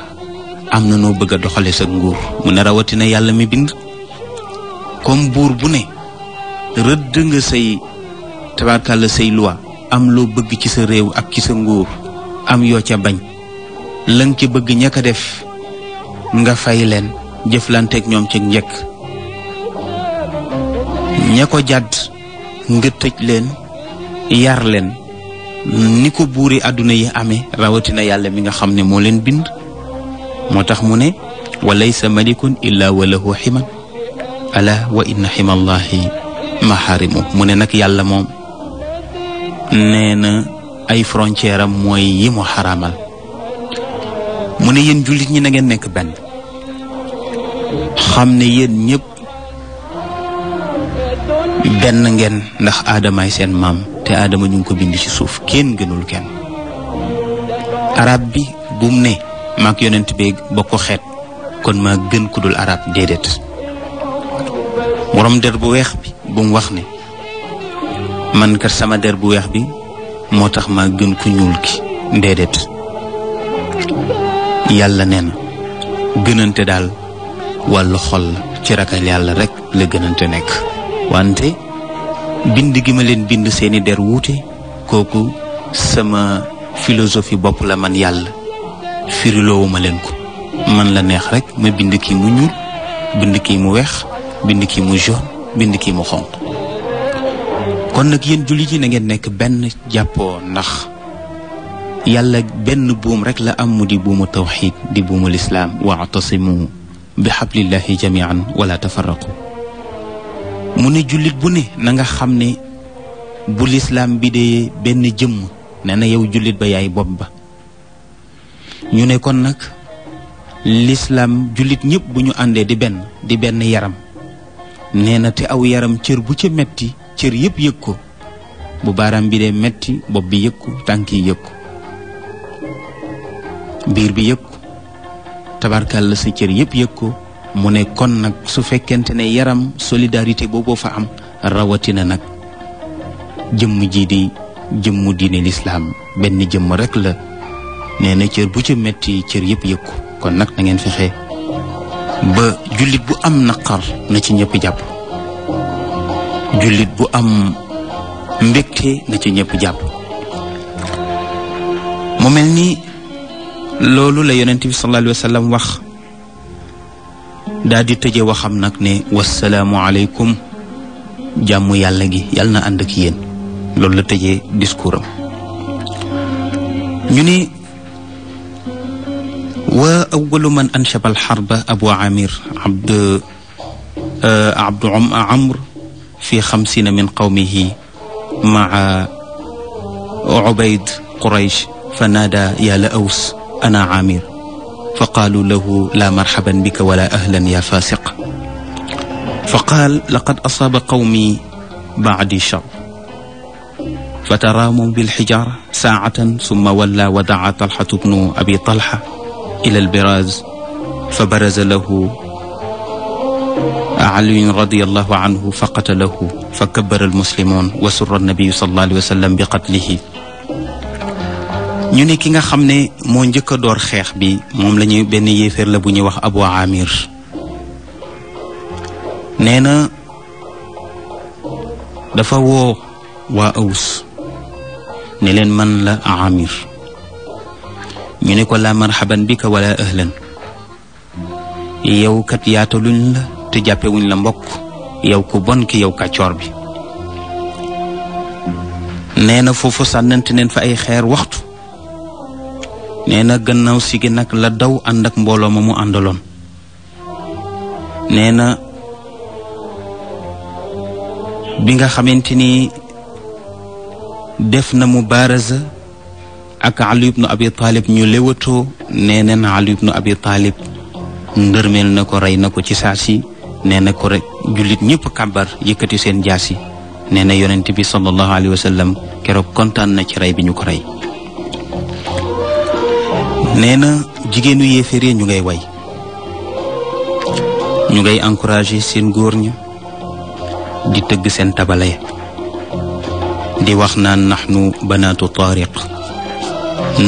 am na noo bëgg doxale sa nguur mu ne rawatina yàlla mi bind comme buur bu ne rëdd nga say tabarkàlla say loi am loo bëgg ci sa réew ak ci sa nguur am yoo ca bañ lan ci bëgg ña ko def nga fay leen jëflanteeg ñoom ci njëkk ña ko jàdd nga tëj leen yar leen ni ko buur i àdduna yi amee rawatina yàlla mi nga xam ne moo leen bind moo tax mu ne wa laysa malikun illa wa lahu ximan ala wa inna ximallahi maxaarimu mu ne nag yàlla moom nee na ay frontière mooy yi mu xaraamal mu ne yéen jullit ñi na ngeen nekk benn xam ne yéen ñépp benn ngeen ndax aadamaay seen maam te aadama ñu ngi ko bind ci suuf kenn gënul kenn arab bi bumu ne maak yonent bi bokk xeet kon maa gën ku dul arab déedéet borom der bu weex bi bumu wax ne man kat sama der bu weex bi moo tax maa gën ku ñuul ki déedéet yàlla nee na gënante daal wàllu xol ci ragal yàlla rekk la gënante nekk wante bind gi ma leen bind seeni der wuute kooku sama philosophie bopp la man yàlla firiloowu leen ko man la neex rek ma bind kii mu ñuul bind kii mu weex bind kii mu jaune bind kii mu xonq kon nag yéen jullit yi na nekk benn jàppoo ndax yàlla benn buum rek la am mu di buumu tawxiid di buumu lislaam waatasimu bi xablillahi jamian wala tafarraqu mu ne jullit bu ne nanga xam ne bu lislaam bi dee benn jëmm nee na yow jullit ba yaay bopp ba ñu ne kon nag lislaam jullit ñépp bu ñu àndee di benn di benn yaram nee te aw yaram cër bu ca metti cër yëpp yëg ko bu baaraam bi dee metti bopp bi yëg ko tànk yi yëg biir bi yëpp ko tabarkal la sa cër yëpp yëg ko mu ne kon nag su fekkente ne yaram solidarité booboo fa am rawatina nag jëmm jii di jëmmu diine lislaam benn jëmm rek la nee na cër bu ci metti cër yëpp yëg ko kon nag na ngeen fexe ba jullit bu am naqar na ci ñëpp jàpp jullit bu am mbégte na ci ñëpp jàpp mu mel ni loolu la yonent bi sallallahu alayhi wax daal di tëje waxam nag ne wasalaamu aleykum jàmm yàlla gi yàlla na ànd ak loolu la tëjee discours am ñu ni wa awalu man anshaba alxarba abu amir abd abdu eh, amr fi xamsina min qawmihi maa ubayd quraysh fa naada yàlla aws ana aamir fa qaalu lahu laa marxaban bika wala ahlan yaa faasiq fa qaal laqad asaaba qawmi baadi shar فتراموا بالحجارة ساعة ثم ولى ودعا طلحة بن أبي طلحة إلى البراز فبرز له علي رضي الله عنه فقتله فكبر المسلمون وسر النبي صلى الله عليه وسلم بقتله ñu ne ki nga xam ne moo njëkk a door xeex bi moom lañuy benn yéeféer la bu ñuy wax Abu Amir nee na dafa woo waa Aws ne leen man la Amir ñu ne ko la xaban bika ko ahlan yow yowkat yaataluñ la te jàppewuñ la mbokk yow ku bon ki yow kàccoor bi nee foofu sànnante neen fa ay xeer waxtu nee na gannaaw si gi nag la daw ànd ak mbooloo ma mu àndaloon nee na bi nga xamante ni def na mu baaraza ak Ali ibnu Abi Talib ñu léwatoo nee neen Ali ibnu Abi Talib ndërmeel na ko rey na ko ci saa si nee na ko rek jullit ñëpp kàbbar yëkkati seen jaasi nee na yonent bi sallallahu alayhi wa sallam keroog kontaan na ci rey bi ñu ko rey nee na jigéenu yéeféer yi ñu ngay way ñu ngay encouragé seen góor ña di tëgg seen tabale di wax naan naxnu banaatu taariq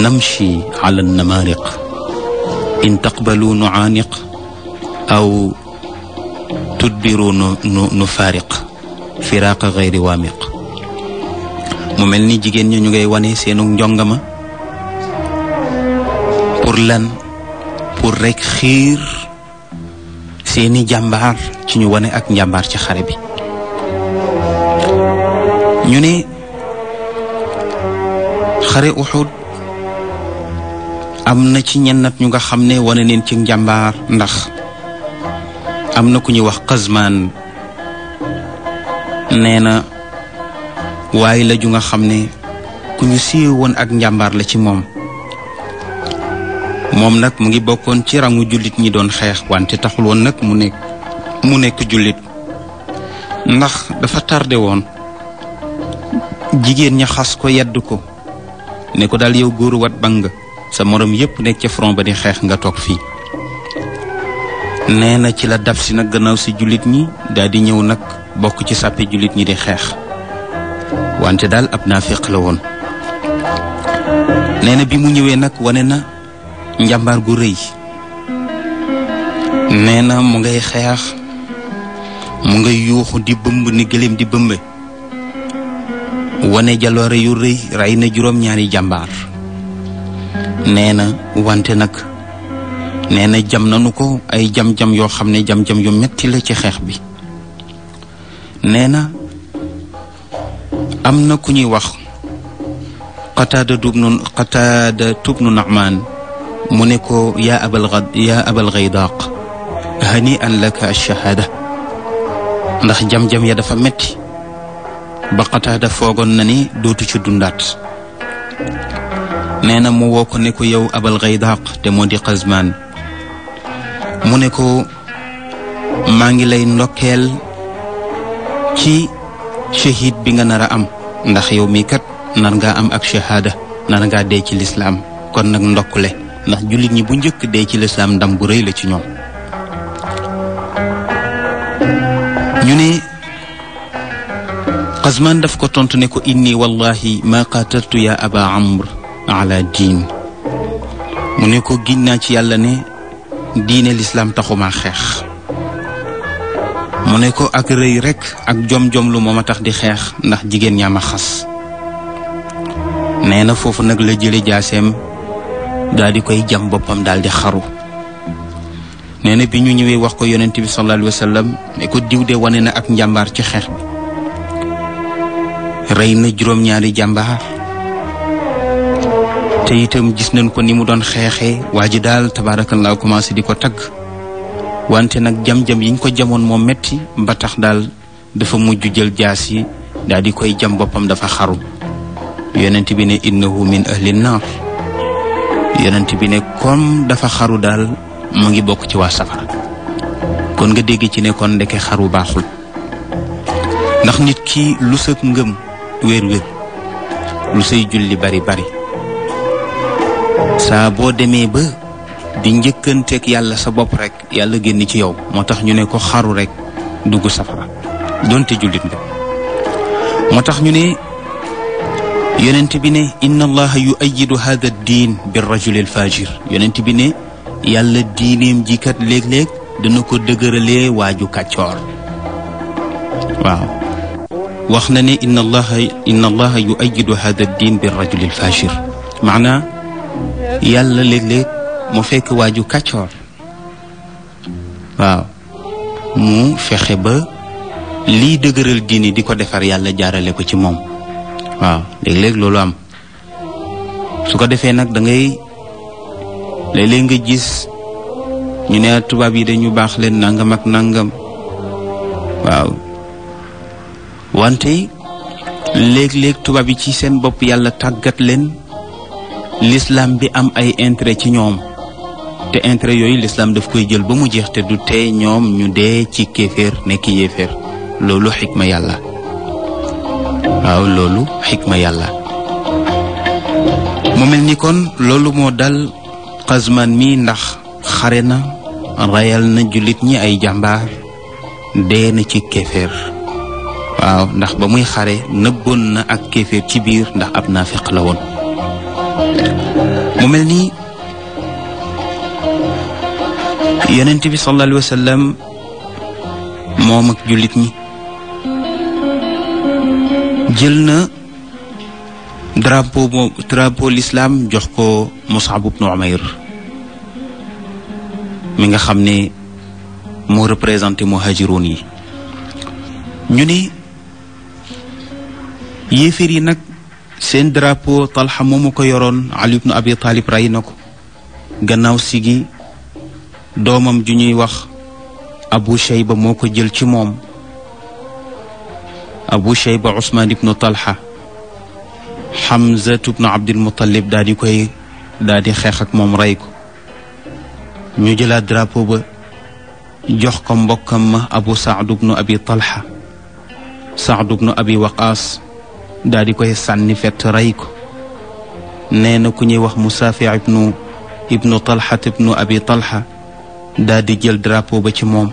namshi ala namaariq in taqbalu nu aaniq aw tudbiru nu nu nu faariq firaaqa gayri waamiq mu mel ni jigéen ñi ñu ngay wane seenu njongama pour pour rek xiir seeni jàmbaar ci ñu wane ak njàmbaar ci xare bi ñu ne xare am na ci ñennat ñu nga xam ne wane neen ci njàmbaar ndax am na ku ñuy wax Qazmaan nee na waaye la ju nga xam ni ku ñu siiw woon ak njàmbaar la ci moom moom nag mu ngi bokkoon ci rangu jullit ñi doon xeex wante taxul woon nag mu nekk mu nekk jullit ndax dafa tardé woon jigéen ña xas ko yedd ko ne ko daal yow góoru wat nga sa moroom yépp nekk ca foron ba di xeex nga toog fii nee na ci la dab si nag gannaaw si jullit ñi daal di ñëw nag bokk ci sàppi jullit ñi di xeex wante daal ab naafiq la woon nee na bi mu ñëwee nag wane na njàmbaar gu rëy nee na mu ngay xeex mu nga yuuxu di bëmb ni gëléem di bëmbe wane jaloore yu rëy rey na juróom-ñaari jàmbaar nee na wante nag nee na jam nanu ko ay jam-jam yoo xam ne jam-jam yu metti la ci xeex bi nee na am na ku ñuy wax xataada tub nu xataada tub nu naxmaan mu ne ko yaa abal yaa abal gaydaaq hani an laka ndax jam-jam ya dafa metti ba Qataada foogoon na ni dootu ci dundaat nee na mu woo ko ne ko yow abal gaydaaq te moo di Qazmaan mu ne ko maa ngi lay ndokkeel ci shahid bi nga nar a am ndax yow mii kat nar ngaa am ak shahaada nar ngaa dee ci lislaam kon nag ndokkule ndax jullit ñi bu njëkk dee ci lislaam ndam bu rëy la ci ñoom ñu ne Qazman daf ko tontu ne ko inni wallahi ma qataltu aba amr ala diin mu ne ko giñ naa ci yàlla ne diine lislaam taxuma xeex mu ne ko ak rëy rekk ak jom-jom lu moo ma tax di xeex ndax jigéen ñaa ma xas nee na foofu nag la jële jaaseem daal di koy jam boppam daal di xaru nee na bi ñu ñëwee wax ko yonent bi sallallahu alayhi wa sallam ko diw de wane na ak njàmbaar ci xeex bi rey na juróom-ñaari jàmbaar te itam gis nañ ko ni mu doon xeexee waa ji daal tabaarakallaa commencé di ko tagg wante nag jam-jam yiñ ko jamoon moo metti ba tax daal dafa mujj jël jaas yi daal di koy jam boppam dafa xaru yonent bi ne na min ahlin naar yonent bi ne comme dafa xaru daal mu ngi bokk ci waa safara kon nga dégg ci ne kon ndeke xaru baaxul ndax nit ki lu sa ngëm wér wér lu say julli bari bari saa boo demee ba di njëkkanteeg yàlla sa bopp rek yàlla génn ci yow moo tax ñu ne ko xaru rekk dugg safara donte jullit nga moo tax ñu ne yonent bi ne inna allaha yuayidu hada diin bi rajuli alfajir yonent bi ne yàlla diineem ji kat léeg-léeg dana ko dëgëralee waaju kàccoor waaw wax na ne inna allaha inna allaha yuayidu hada diin bi rajuli alfajir maanaa yàlla léeg-léeg mu fekk waaju kàccoor waaw mu fexe ba liy dëgëral diine di ko defar yàlla jaarale ko ci moom waaw léeg-léeg loolu am su ko defee nag dangay ngay nga gis ñu ne tubaab yi dañu baax leen nangam ak nangam waaw wante léeg-léeg tubaab yi ci seen bopp yàlla tàggat leen l'islam bi am ay intérêt ci ñoom te intérêt yooyu l'islam daf koy jël ba mu jeex te du tee ñoom ñu dee ci kéeféer nekk yéeféer loolu xikma yàlla waaw loolu xikma yàlla mu mel ni kon loolu moo dal xasmaan mi ndax xare na rayal na jullit ñi ay jàmbaar dee na ci kéeféer waaw ndax ba muy xare nëbboon na ak kéeféer ci biir ndax ab naafiq la woon mu mel ni yonent bi sallallahu alayhi wa moom ak jullit ñi jël na drapeau moom drapeau jox ko Mus'ab ibn Umayr mi nga xam ni moo représenté muhajiroon yi ñu ni yéeféer yi nag seen drapeau Talha moomu ko yoroon Ali ibn Abi Talib na ko gannaaw sigi doomam ju ñuy wax Abu Shayba moo ko jël ci moom abu shayba usmaan ibnu talha xamzatu ibnu abdilmutalib daal di koy daal xeexak moom ray ko ñu jëlaa drapeau ba jox ko mbokkam ma abu saad ibnu abi talha saad ibnu abi waqaas daal koy sànni fett rey ko nee na ku ñuy wax musaafi ibnu ibnu talhat ibnu abi talha daal jël drapeau ba ci moom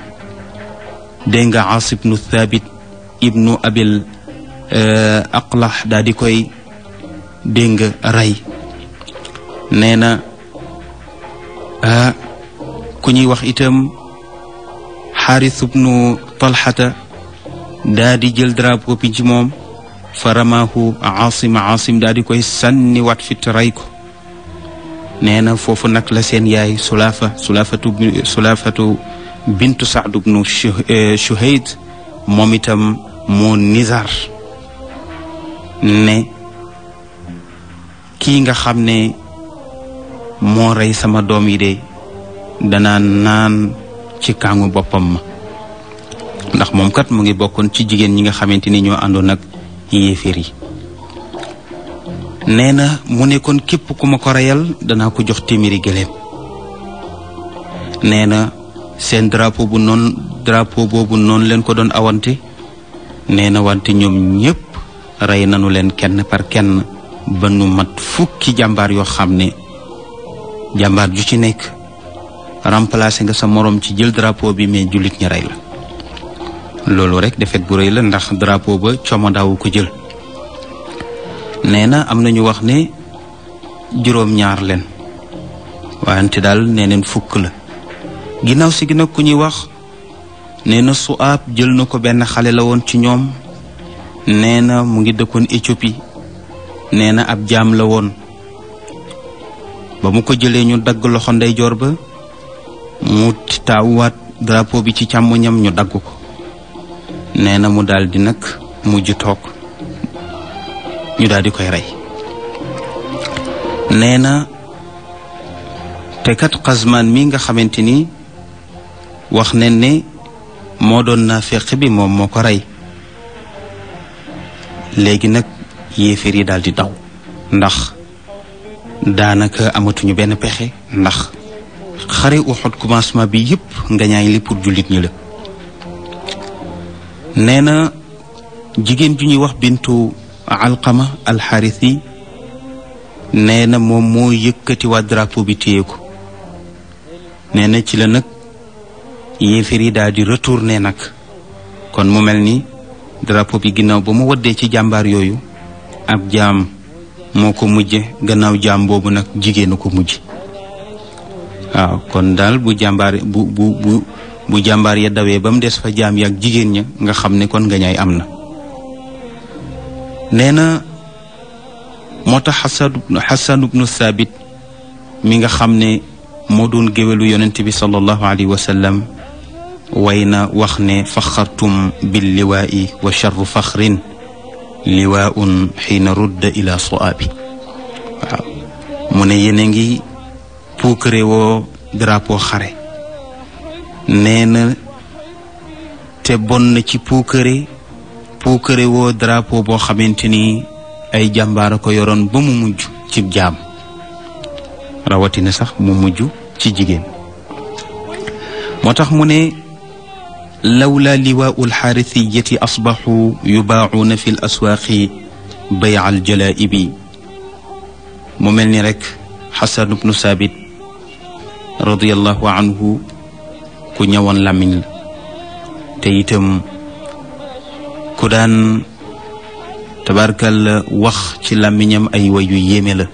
dégg aas ibnu thabit ibnu abil eh, aqlax daal di koy déng rey nee na ah ku ñuy wax itam xaaris ibnu talxata daa di jël drapeau bi ci fa ramahu aasim aasim daa koy sànni wat fit rey ko nee na foofu nag la seen yaay sulaafa sulaafatu sulaafatu saad ibnu eh, shuhayd moom moo nizar ne kii nga xam ne moo rey sama doom yi de danaa naan ci kàngu boppam ma ndax moom kat mu ngi bokkoon ci jigéen ñi nga xamante ni ñoo àndoon ak yéeféer yi nee na mu nekkoon képp ku ma ko reyal dana ko jox téeméeri gëléem nee na seen drapeau bu noonu drapeau boobu noonu leen ko doon awante nee na wante ñoom ñépp rey nañu leen kenn par kenn ba nu mat fukki jàmbaar yoo xam ne jàmbaar ju ci nekk remplacé nga sa moroom ci jël drapo bi mais jullit ñi rey la loolu rek defet bu rëy la ndax drapo ba coomo daawu ko jël nee na am na ñu wax ne juróom-ñaar leen waayante daal nee neen fukk la ginnaaw si gi ku ñuy wax nee na jël na ko benn xale la woon ci ñoom nee na mu ngi dëkkoon Éthiopie nee na ab jaam la woon ba mu ko jëlee ñu dagg loxo ndeyjoor ba mu taawuwaat drapeau bi ci càmmoñam ñu dagg ko nee na mu daldi nag mujj toog ñu daldi koy rey nee te kat Xasmaan mi nga xamante ni wax ne ne moo doon naafiq bi moom moo ko rey léegi nag yéeféer yi daal di daw ndax daanaka amatuñu benn pexe ndax xare Uhud commencement bi yëpp nga li pour jullit ñi la nee na jigéen ju ñuy wax bintu alqama alxaaris yi nee na moom moo yëkkati waa drapeau bi téye ko nee na ci la nag yéeféer yi daal di retourné nag kon mu mel ni drapeau bi ginnaaw ba mu waddee ci jàmbaar yooyu ab jaam moo ko mujje gannaaw jaam boobu nag jigéenu ko mujj waaw kon daal bu jàmbaar bu bu bu bu jàmbaar ya dawee ba mu des fa jaam yaag jigéen ña nga xam ne kon nga ñaay am na nee na moo tax xasan xasan saabit mi nga xam ne moo doon géwélu yonent bi sallallahu alayhi wa way na wax ne faxartum billiwaayi wa charru faxrin liwaaun xiina rudda ila soabi waaw mu ne yéen a ngi puukare woo drapeau xare nee na te bonn ci puukare puukare woo drapeau boo xamante ni ay jàmbaara ko yoroon ba mu mujj ci jaam rawatina sax mu mujj ci jigéen moo tax mu ne lawla liwaau alxaarisiyati asbaxu yubaacuuna fi l aswaaqi bayca mu mel ni rek xasan ubnu saabit u anhu ku ñëwoon làmmiñ te itam ku daan tabarkal wax ci làmmiñam ay way yu yéeme la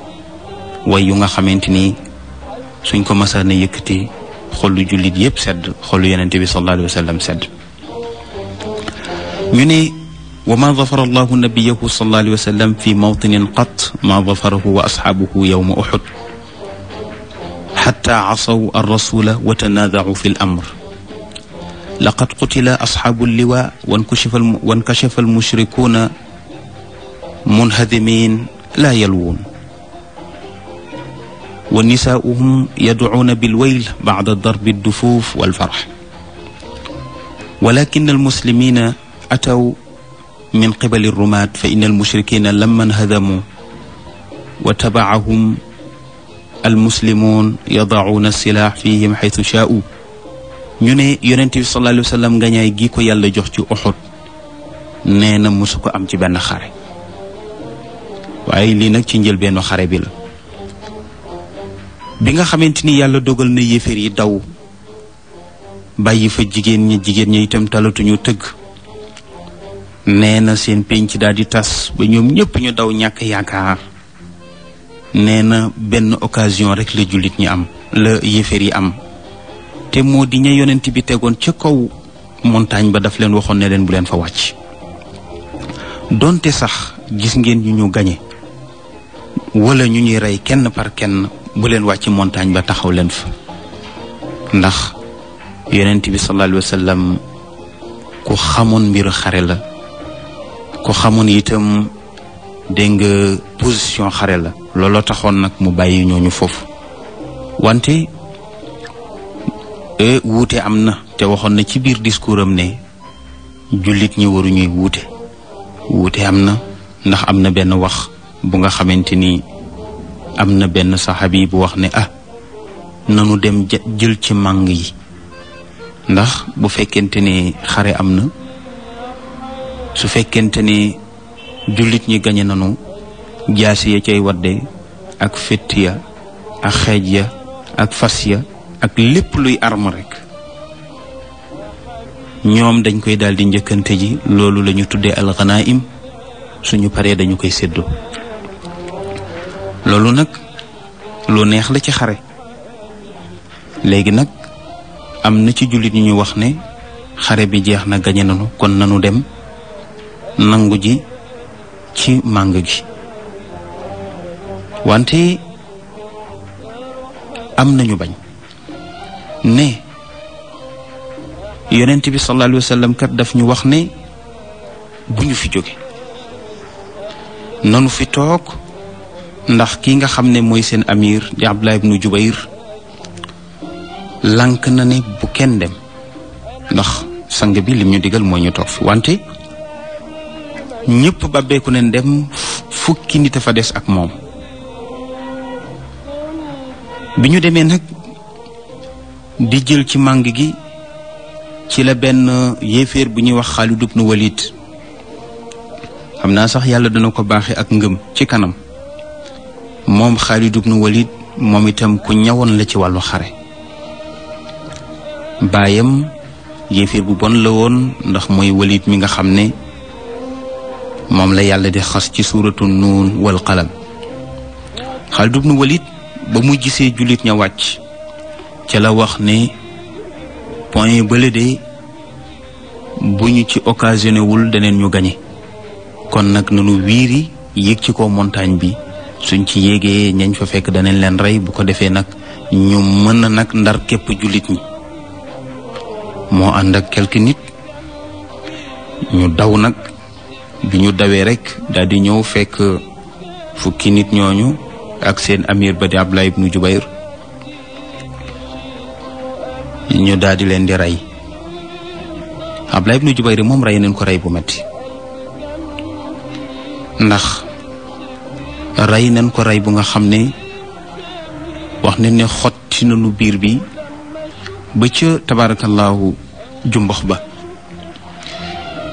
way yu nga xamante ni suñ ko masaana yëkkati xolu jullit yépp sedd xolu yonente bi sallallahu alayhi wa sallam sedd ñu ne wa ma dafara allahu nabiyahu sallallahu alayhi wa sallam fi mawtinin qat ma dafarahu wa asxaabuhu yowma uxud xataa casaw arrasula wa tanaadacu fi l amr laqad qutila asxaabu lliwa wankashafa almushrikuuna munhadimin laa yalwuun wa nisaauhum yadcuuna bilwayl bacda darbi dufuuf walfarx walakin almuslimina ataw min qibali rumaat fa in almushrikina lamma nhadamu wa tabacahum almuslimuun yadacuuna silaax fihim xaytu shaau ñu ne yonent bi sallallahu alayhi wa sallam ngañaay gi ko yàlla jox ci nee na mosu ko am ci benn xare lii nag ci njëlbeenu xare bi bi nga xamante ni yàlla dogal na yéeféer yi daw bàyyi fa jigéen ñi jigéen ñi itam talatuñu tëgg nee na seen pénc daal di tas ba ñoom ñëpp ñu daw ñàkk yaakaar nee na benn occasion rek la jullit ñi am la yéeféer yi am te moo di ña yonent bi tegoon ca kaw montagne ba daf leen waxoon ne leen bu leen fa wàcc doonte sax gis ngeen ñu ñu gañe wala ñu ñuy rey kenn par kenn bu leen ci montagne ba taxaw leen fa ndax yonent bi sallallahu alayhi wa ku xamoon mbiru xare la ku xamoon itam dégg nga position xare la looloo taxoon nag mu bàyyi ñooñu foofu wante e, wuute am na te waxoon na ci biir discours am ne jullit ñi waruñuy wuute wuute am na ndax am na benn wax bu nga xamante ni am na benn saxaabi bu wax ne ah nanu dem jël ci màng yi ndax bu fekkente ne xare am na su fekkente ne jullit ñi gañe nanu jaasi ya cay wadde ak fétt ya ak xeej ya ak fas ya ak lépp luy arme rekk ñoom dañ koy daal di njëkkante ji loolu la ñu tuddee alxanaim suñu paree dañu koy séddoo loolu nag lu neex la ci xare léegi nag am na ci jullit ñu wax ne xare bi jeex na gañe nanu kon nanu dem nangu ji ci màng gi wante am na ñu bañ ne yonent bi sallallahu alayhi kat daf ñu wax ne bu ñu fi jóge nanu fi toog ndax ki nga xam ne mooy seen amir di Abdullah ibnu Jubayr lànk na ne bu kenn dem ndax sang bi lim ñu digal moo ñu toog wante ñépp bàbbeeku neen dem fukki nit a fa des ak moom bi ñu demee nag di jël ci màng gi ci la benn yéeféer bu ñuy wax Xaalid ibnu Walid xam naa sax yàlla dana ko baaxe ak ngëm ci kanam moom Xaalid nu walit moom itam ku ñawoon la ci wàllu xare baayam yéeféer bu bon la woon ndax mooy Walid mi nga xam ne moom la yàlla di xas ci suuratu nuun wal qalam Xaalid ibnu Walid ba mu gisee jullit ña wàcc ca la wax ne point bële bu ñu ci occasionné wul daneen ñu gañe kon nag nanu wiiri yéeg ci ko montagne bi suñ ci yéegee ñañ fa fekk danañ leen rey bu ko defee nag ñu mën a nag ndar képp jullit ñi moo ànd ak quelque nit ñu daw nag bi ñu dawee rek dal di ñëw fekk fukki nit ñooñu ak seen amir ba di Abdallah ibnu Jubayr ñu daal di leen di rey Abdallah ibnu Jubayr moom rey nañ ko rey bu metti ndax rey nañ ko rey bu nga xam ne wax nañ ne xotti nañu biir bi ba ca tabaarakallaahu jumbox ba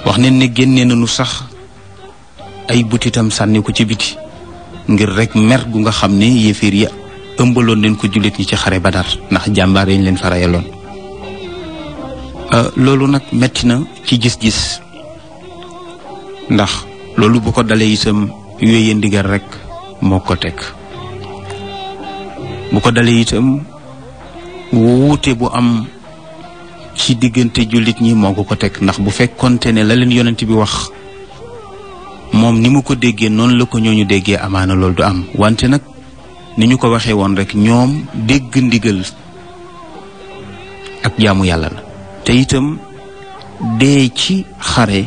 wax nañ ne génnee nañu sax ay butitam sànni ko ci biti ngir rek mer gu nga xam ne yéeféer ya ëmbaloon leen ko jullit yi ci xare badar ndax jàmbaar yañ leen fa reyaloon euh, loolu nag metti na ci gis-gis ndax loolu bu ko dalee itam yooyee ndigal rekk moo ko teg bu ko dalee itam wuute bu am ci diggante jullit ñi moo ko ko teg ndax bu fekkoonte ne la leen yonent bi wax moom ni mu ko déggee noonu la ko ñooñu déggee amaana loolu du am wante nag ni ñu ko waxee woon rek ñoom dégg ndigal ak jaamu yàlla la te itam dee ci xare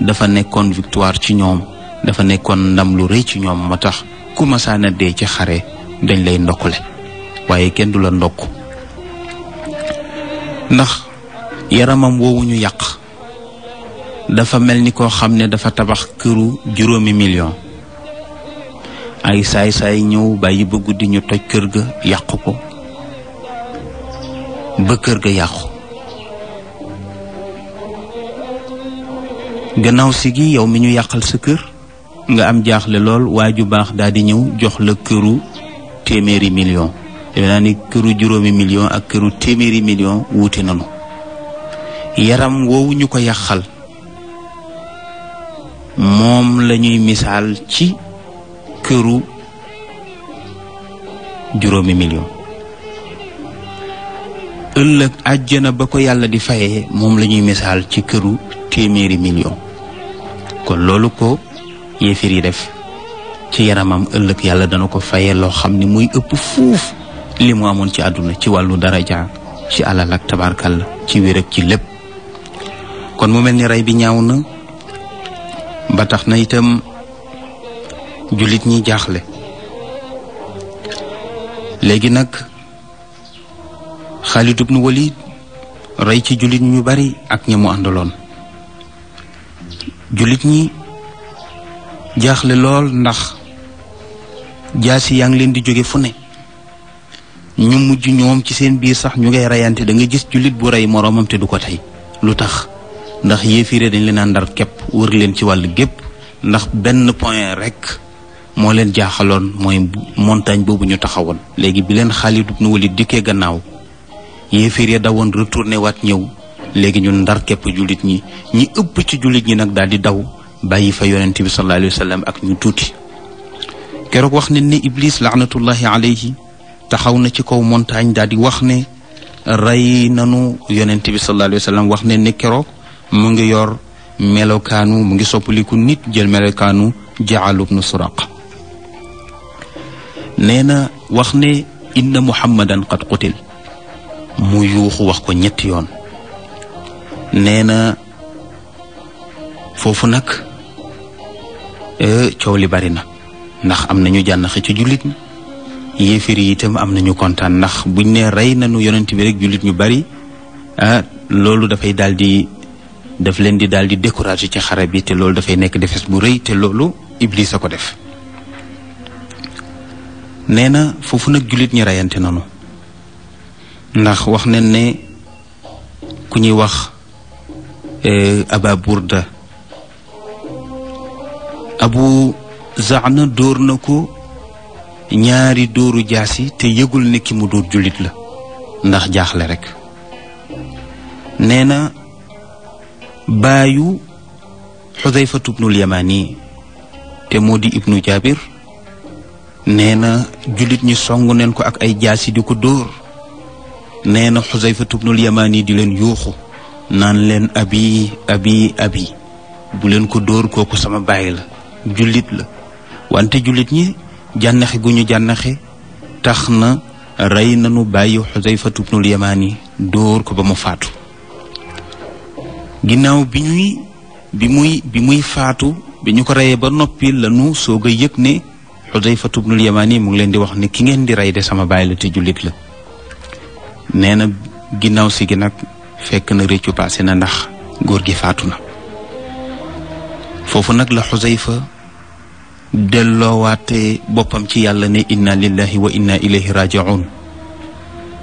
dafa nekkoon victoire ci ñoom dafa nekkoon ndam lu rëy ci ñoom moo tax ku masaana dee ci xare dañ lay ndokkule waaye kenn du la ndokk ndax yaramam woowu ñu yàq dafa mel ni koo xam ne dafa tabax këru juróomi million ay saay-saay ñëw bàyyi ba guddi ñu toj kër ga yàqu ko ba kër ga yàqu gannaaw si gi yow mi ñu yàqal sa kër nga am jaaxle lool waa ju baax daal di ñëw jox la këru téeméeri million defe ni këru juróomi million ak këru téeméeri million wuute nanu yaram woowu ñu ko yàqal moom lañuy misaal ci këru juróomi million ëllëg àjjana ba ko yàlla di fayee moom lañuy misaal ci këru téeméeri million kon loolu ko yéefir yi def ci yaramam ëllëg yàlla dana ko fayee loo xam ni muy ëpp fuuf li mu amoon ci àdduna ci wàllu daraja ci alal ak tabarkal ci wér ci lépp kon mu mel ni rey bi ñaaw na ba tax na itam jullit ñi jaaxle léegi nag Xaalid ibnu Walid rey ci jullit ñu bari ak ña mu àndaloon jullit ñi jaaxle lool ndax jaasi yaa ngi leen di jóge fu ne ñu mujj ñoom ci seen biir sax ñu ngay reyante da nga gis jullit bu rey moroomam te du ko tey lu tax ndax yéefiree dañ leen a ndar képp wër leen ci wàll gépp ndax benn point rek moo leen jaaxaloon mooy montagne boobu ñu taxawoon léegi bi leen Xaalid ibn Walid dikkee gannaaw yéefiree dawoon retourné waat ñëw léegi ñu ndar képp jullit ñi ñi ëpp ci jullit ñi nag daal di daw bàyyi fa yonent bi sallallahu alayhi sallam ak ñu tuuti keroog wax ne ne iblis laanatullahi alayhi taxaw na ci kaw montagne daal di wax ne rey nanu yonent bi sallallahu wax ne ne keroog mu ngi yor melokaanu mu ngi soppaliku nit jël melokaanu jaalu bnu suraq nee na wax ne inna muhammadan qad qutil mu yuuxu wax ko ñetti yoon nee foofu nag coow li bari na ndax am nañu jànn ci jullit ñi yéeféer yi itam am nañu kontaan ndax buñ ne rey nañu yonent bi rek jullit ñu bari loolu dafay daal di daf leen di daal di découragé ci xare bi te loolu dafay nekk defes bu rëy te loolu iblis a ko def nee na foofu nag jullit ñi reyante nanu ndax wax nañ ne ku ñuy wax Aba abu zaxna dóor na ko ñaari dóoru jaasi te yëgul ne ki mu dóor jullit la ndax jaaxle rekk nee na baayu xudayfatu ibnul yamani te moo di ibnu jaabir nee na jullit ñu song neen ko ak ay jaasi di ko dóor nee na xudayfatu ibnul yamani di leen yuuxu naan leen abi abi abi bu leen ko dóor kooku sama baay la jullit la wante jullit ñi jànnaxe gu ñu jànnaxe tax na rey na nañu bàyyi xuseyfatu bnul yamaani dóor ko ba mu faatu ginnaaw bi ñuy bi muy bi muy faatu bi ñu ko reyee ba noppi lanu soog a yëg ne xuseyfatu bnul yamaani mu ngi leen di wax ne ki ngeen di rey de sama baay la te jullit la nee na ginnaaw si gi nag fekk na réccu passé na ndax góor gi faatu na foofu nag la xuseyfa delloowaate boppam ci yàlla ne inna lillahi wa inna ilayhi rajiun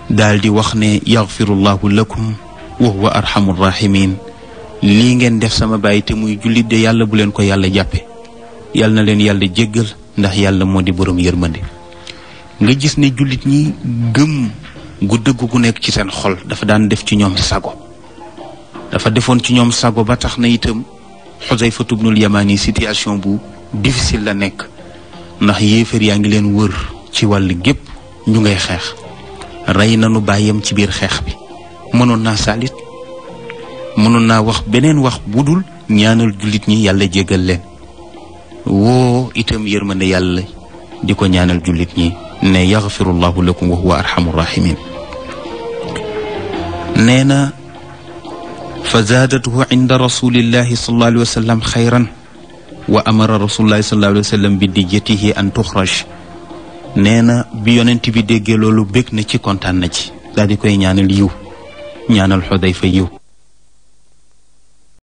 daal wax ne yaxfirullahu lakum wa huwa arhamur rahimin lii ngeen def sama bàyyi te muy jullit de yàlla bu leen ko yàlla jàppe yàlla na leen yàlla jéggal ndax yàlla moo di borom yërmande nga gis ne jullit ñi gëm gu dëgg gu nekk ci seen xol dafa daan def ci ñoom sago dafa defoon ci ñoom sago ba tax na itam xusayfatu bnul yamani situation bu difficile la nekk ndax yéeféer yaa ngi leen wër ci wàll gépp ñu ngay xeex rey na nañu bàyyam ci biir xeex bi mënoon naa saalit mënoon naa wax beneen wax bu dul ñaanal jullit ñi yàlla jégal leen woo itam yërmande yàlla di ko ñaanal jullit ñi ne yaxfirullahu lakum wa huwa arhamu rahimin nee na fa zaadatuhu inda rasulillahi sallallahu alayhi wa amara rasulullahi sallallahu alayhi bi di jëtihi an tuxraj nee na bi yonent bi déggee loolu bég na ci kontaan na ci daal di koy ñaanal yiw ñaanal xudayfa yiw